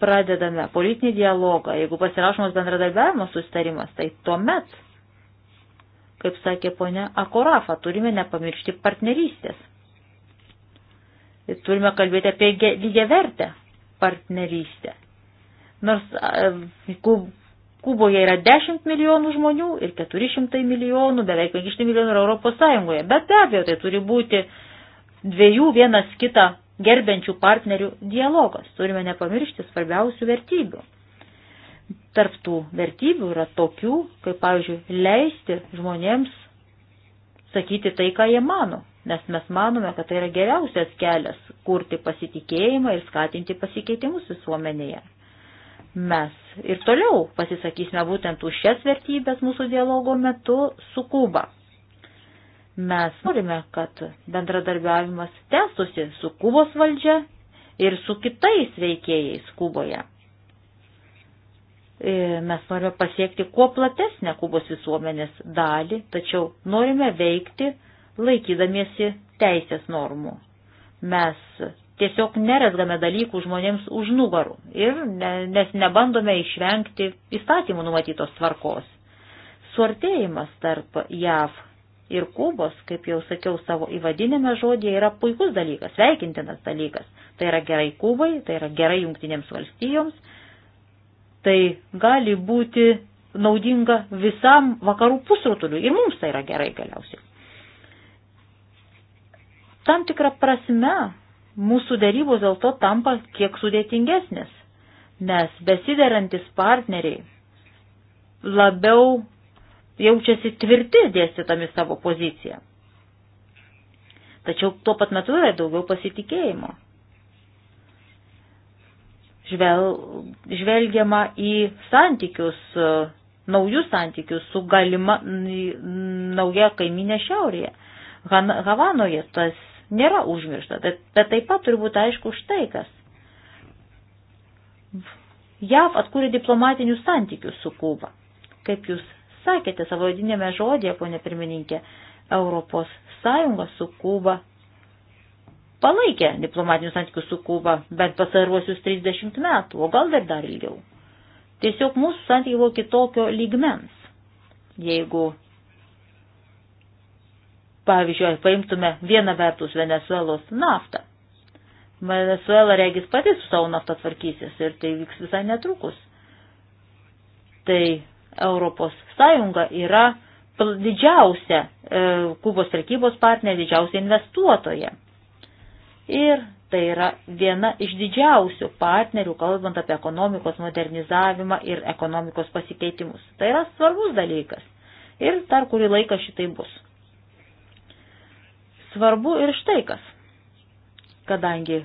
pradedame politinį dialogą, jeigu pasirašomas bendradarbiavimo sustarimas, tai tuomet, kaip sakė ponia Akorafa, turime nepamiršti partnerystės. Ir turime kalbėti apie lygiavertę partnerystę. Nors Kuboje yra 10 milijonų žmonių ir 400 milijonų, beveik 500 milijonų yra Europos Sąjungoje. Bet be abejo, tai turi būti dviejų vienas kitą gerbiančių partnerių dialogas. Turime nepamiršti svarbiausių vertybių. Tarptų vertybių yra tokių, kaip, pavyzdžiui, leisti žmonėms sakyti tai, ką jie mano, nes mes manome, kad tai yra geriausias kelias kurti pasitikėjimą ir skatinti pasikeitimus visuomenėje mes ir toliau pasisakysime būtent už šias vertybės mūsų dialogo metu su Kuba. Mes norime, kad bendradarbiavimas tęstusi su Kubos valdžia ir su kitais veikėjais Kuboje. E, mes norime pasiekti kuo platesnę Kubos visuomenės dalį, tačiau norime veikti laikydamiesi teisės normų. Mes tiesiog nerezgame dalykų žmonėms už nugarų, ir ne, nes nebandome išvengti įstatymų numatytos tvarkos. Suartėjimas tarp JAV ir Kubos, kaip jau sakiau savo įvadinėme žodėje, yra puikus dalykas, sveikintinas dalykas. Tai yra gerai Kubai, tai yra gerai jungtinėms valstijoms, tai gali būti naudinga visam vakarų pusrutuliu ir mums tai yra gerai galiausiai. Tam tikrą prasme mūsų darybos dėl to tampa kiek sudėtingesnės, nes besiderantis partneriai labiau jaučiasi tvirti dėstytami savo poziciją. Tačiau tuo pat metu yra daugiau pasitikėjimo. Žvel, žvelgiama į santykius, naujus santykius su galima nauja kaiminė šiaurėje. Han, Havanoje tas nėra užmiršta. Bet, bet taip pat turi būti aišku štai kas. JAV atkūrė diplomatinius santykius su Kuba. Kaip jūs sakėte savo vadinėme žodėje, ponė pirmininkė, Europos Sąjunga su Kuba palaikė diplomatinius santykius su Kuba bent pasaruosius 30 metų, o gal dar dar ilgiau. Tiesiog mūsų santykiai buvo kitokio lygmens. Jeigu Pavyzdžiui, paimtume vieną vertus Venezuelos naftą. Venezuela regis pati su savo naftą tvarkysis ir tai vyks visai netrukus. Tai Europos Sąjunga yra didžiausia e, Kubos prekybos partnerė, didžiausia investuotoja. Ir tai yra viena iš didžiausių partnerių, kalbant apie ekonomikos modernizavimą ir ekonomikos pasikeitimus. Tai yra svarbus dalykas. Ir dar kurį laiką šitai bus. Svarbu ir štai kas, kadangi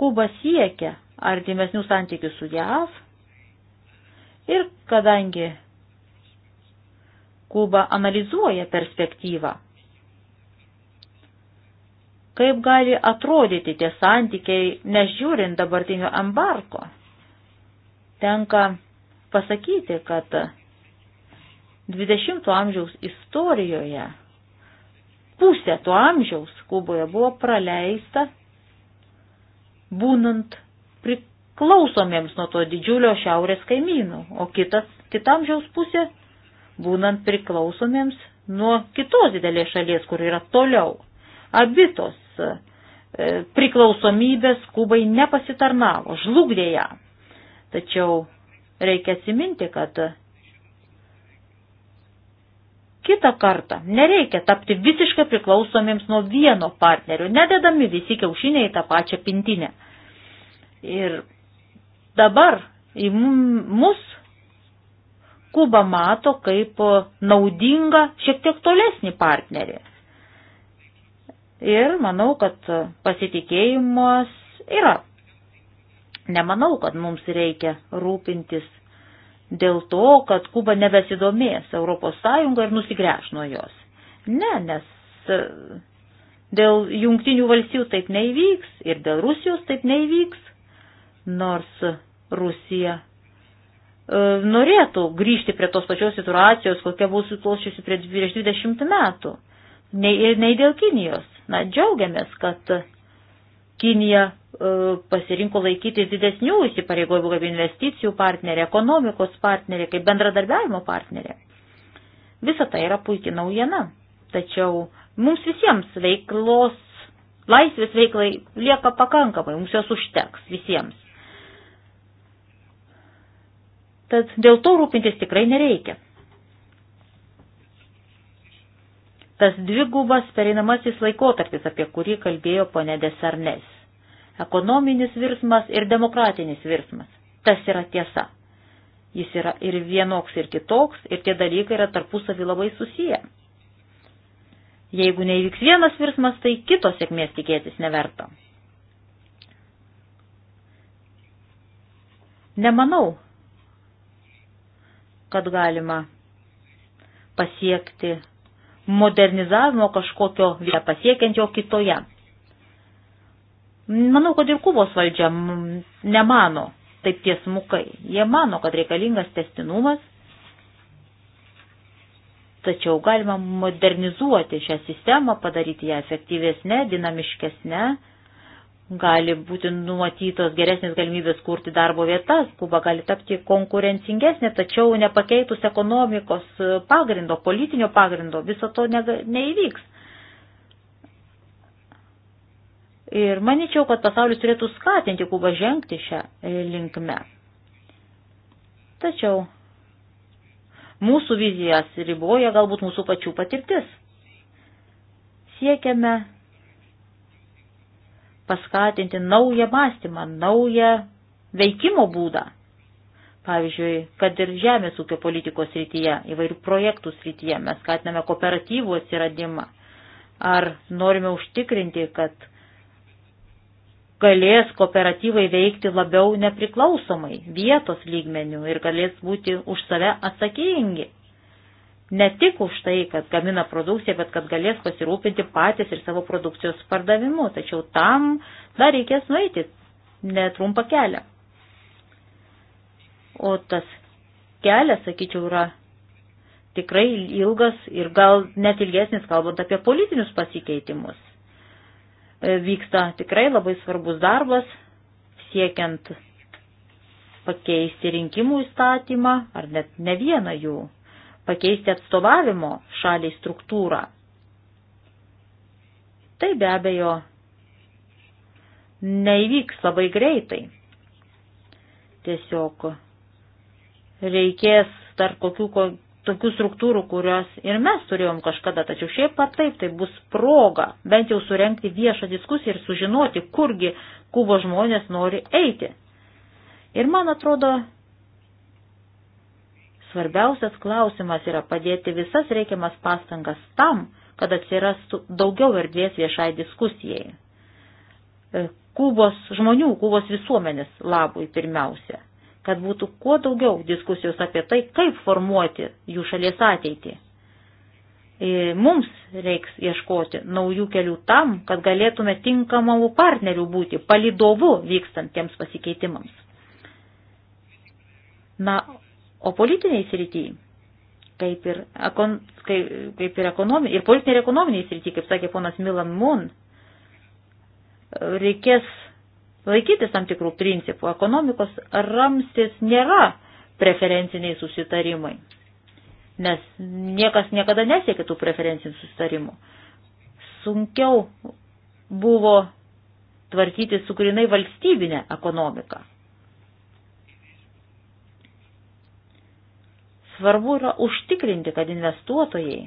Kuba siekia artimesnių santykių su JAV ir kadangi Kuba analizuoja perspektyvą, kaip gali atrodyti tie santykiai, nežiūrint dabartinio embarko. Tenka pasakyti, kad 20 amžiaus istorijoje pusė to amžiaus Kuboje buvo praleista būnant priklausomiems nuo to didžiulio šiaurės kaimynų, o kitas, kita amžiaus pusė būnant priklausomiems nuo kitos didelės šalies, kur yra toliau. Abitos e, priklausomybės Kubai nepasitarnavo, žlugdė ją. Tačiau reikia atsiminti, kad Kita kartą nereikia tapti visiškai priklausomiems nuo vieno partnerio, nededami visi kiaušiniai į tą pačią pintinę. Ir dabar į mus Kuba mato kaip naudinga šiek tiek tolesnį partnerį. Ir manau, kad pasitikėjimas yra. Nemanau, kad mums reikia rūpintis dėl to, kad Kuba nebesidomės Europos Sąjungą ir nusigręš nuo jos. Ne, nes e, dėl jungtinių valstybių taip neįvyks ir dėl Rusijos taip neįvyks, nors Rusija e, norėtų grįžti prie tos pačios situacijos, kokia buvo sukloščiusi prieš 20 metų. Nei, ir nei dėl Kinijos. Na, džiaugiamės, kad Kinija E, pasirinko laikytis didesnių įsipareigojimų kaip investicijų partnerė, ekonomikos partnerė, kaip bendradarbiavimo partnerė. Visa tai yra puikia naujiena. Tačiau mums visiems veiklos, laisvės veiklai lieka pakankamai, mums jos užteks visiems. Tad dėl to rūpintis tikrai nereikia. Tas dvigubas pereinamasis laikotarpis, apie kurį kalbėjo ponė Desarnes ekonominis virsmas ir demokratinis virsmas. Tas yra tiesa. Jis yra ir vienoks, ir kitoks, ir tie dalykai yra tarpusavį labai susiję. Jeigu neįvyks vienas virsmas, tai kitos sėkmės tikėtis neverta. Nemanau, kad galima pasiekti modernizavimo kažkokio vietą pasiekiant jo kitoje. Manau, kad ir Kubos valdžia nemano taip tiesmukai. Jie mano, kad reikalingas testinumas, tačiau galima modernizuoti šią sistemą, padaryti ją efektyvesnę, dinamiškesnę, gali būti numatytos geresnės galimybės kurti darbo vietas, Kuba gali tapti konkurencingesnė, tačiau nepakeitus ekonomikos pagrindo, politinio pagrindo, viso to neįvyks. Ir manyčiau, kad pasaulis turėtų skatinti Kubą žengti šią e, linkmę. Tačiau mūsų vizijas riboja galbūt mūsų pačių patirtis. Siekiame paskatinti naują mąstymą, naują veikimo būdą. Pavyzdžiui, kad ir žemės ūkio politikos srityje, įvairių projektų srityje mes skatiname kooperatyvų atsiradimą. Ar norime užtikrinti, kad galės kooperatyvai veikti labiau nepriklausomai vietos lygmenių ir galės būti už save atsakingi. Ne tik už tai, kad gamina produkciją, bet kad galės pasirūpinti patys ir savo produkcijos pardavimu, tačiau tam dar reikės nueiti netrumpą kelią. O tas kelias, sakyčiau, yra tikrai ilgas ir gal net ilgesnis, kalbant apie politinius pasikeitimus E, vyksta tikrai labai svarbus darbas, siekiant pakeisti rinkimų įstatymą, ar net ne vieną jų, pakeisti atstovavimo šaliai struktūrą. Tai be abejo neįvyks labai greitai. Tiesiog reikės tarp kokių tokių struktūrų, kurios ir mes turėjom kažkada, tačiau šiaip pat taip, tai bus proga bent jau surenkti viešą diskusiją ir sužinoti, kurgi Kubo žmonės nori eiti. Ir man atrodo, svarbiausias klausimas yra padėti visas reikiamas pastangas tam, kad atsirastų daugiau erdvės viešai diskusijai. E, Kubos žmonių, Kubos visuomenės labui pirmiausia kad būtų kuo daugiau diskusijos apie tai, kaip formuoti jų šalies ateitį. E, mums reiks ieškoti naujų kelių tam, kad galėtume tinkamų partnerių būti palidovu vykstantiems pasikeitimams. Na, o politiniai srityje, kaip ir, ekon, kaip, kaip ir, ekonomi, ir politiniai ir ekonominiai srityje, kaip sakė ponas Milan Mun, reikės laikytis tam tikrų principų. Ekonomikos ramstis nėra preferenciniai susitarimai, nes niekas niekada nesiekė tų preferencinių susitarimų. Sunkiau buvo tvarkyti su grinai valstybinė ekonomika. Svarbu yra užtikrinti, kad investuotojai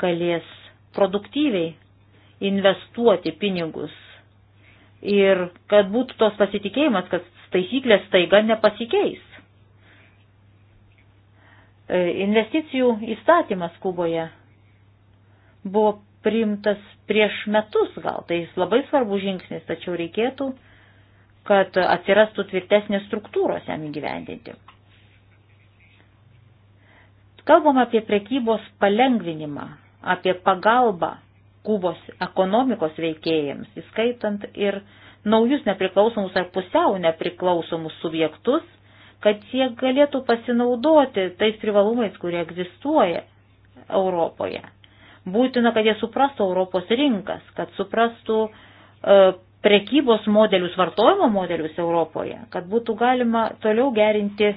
galės produktyviai investuoti pinigus ir kad būtų tos pasitikėjimas, kad taisyklės staiga nepasikeis. E, investicijų įstatymas Kuboje buvo priimtas prieš metus gal, tai jis labai svarbus žingsnis, tačiau reikėtų, kad atsirastų tvirtesnės struktūros jam įgyvendinti. Kalbam apie prekybos palengvinimą, apie pagalbą Kubos ekonomikos veikėjams, įskaitant ir naujus nepriklausomus ar pusiau nepriklausomus subjektus, kad jie galėtų pasinaudoti tais privalumais, kurie egzistuoja Europoje. Būtina, kad jie suprastų Europos rinkas, kad suprastų e, prekybos modelius, vartojimo modelius Europoje, kad būtų galima toliau gerinti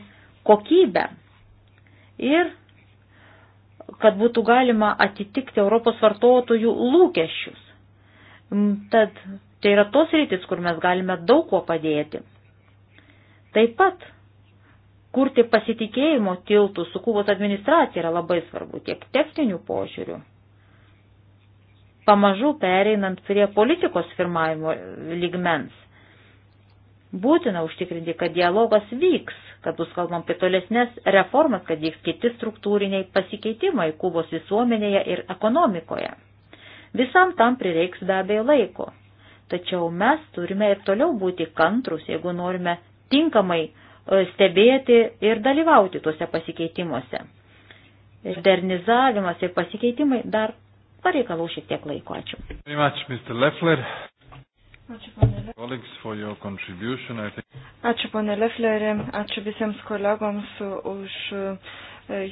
kokybę ir kad būtų galima atitikti Europos vartotojų lūkesčius. Mm, tad tai yra tos rytis, kur mes galime daug kuo padėti. Taip pat kurti pasitikėjimo tiltų su Kubos administracija yra labai svarbu tiek techninių požiūrių. Pamažu pereinant prie politikos firmavimo lygmens Būtina užtikrinti, kad dialogas vyks, kad bus kalbam apie tolesnės reformas, kad vyks kiti struktūriniai pasikeitimai Kubos visuomenėje ir ekonomikoje. Visam tam prireiks be abejo laiko. Tačiau mes turime ir toliau būti kantrus, jeigu norime tinkamai e, stebėti ir dalyvauti tuose pasikeitimuose. Modernizavimas ir pasikeitimai dar pareikalau šiek tiek laiko. Ačiū. Much, Ačiū ponelė. Ačiū ponelė Leflerį, ačiū visiems kolegoms už e,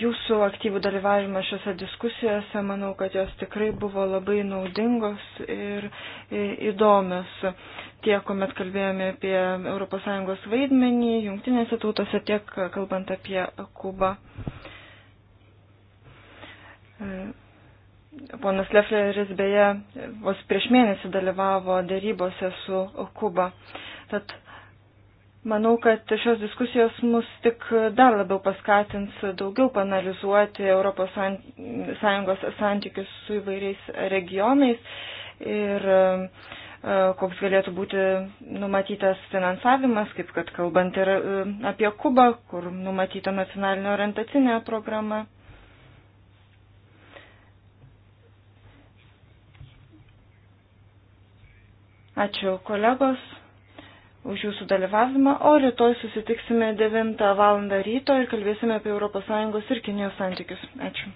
jūsų aktyvų dalyvavimą šiuose diskusijose. Manau, kad jos tikrai buvo labai naudingos ir įdomios. Tiek, kuomet kalbėjome apie ES vaidmenį, jungtinėse tautose, tiek kalbant apie Kubą. E, Ponas Lefleris beje vos prieš mėnesį dalyvavo dėrybose su Kuba. Tad manau, kad šios diskusijos mus tik dar labiau paskatins daugiau panalizuoti ES santykius su įvairiais regionais ir e, koks galėtų būti numatytas finansavimas, kaip kad kalbant ir e, apie Kubą, kur numatyta nacionalinė orientacinė programa. Ačiū kolegos už jūsų dalyvavimą, o rytoj susitiksime 9 val. ryto ir kalbėsime apie ES ir Kinijos santykius. Ačiū.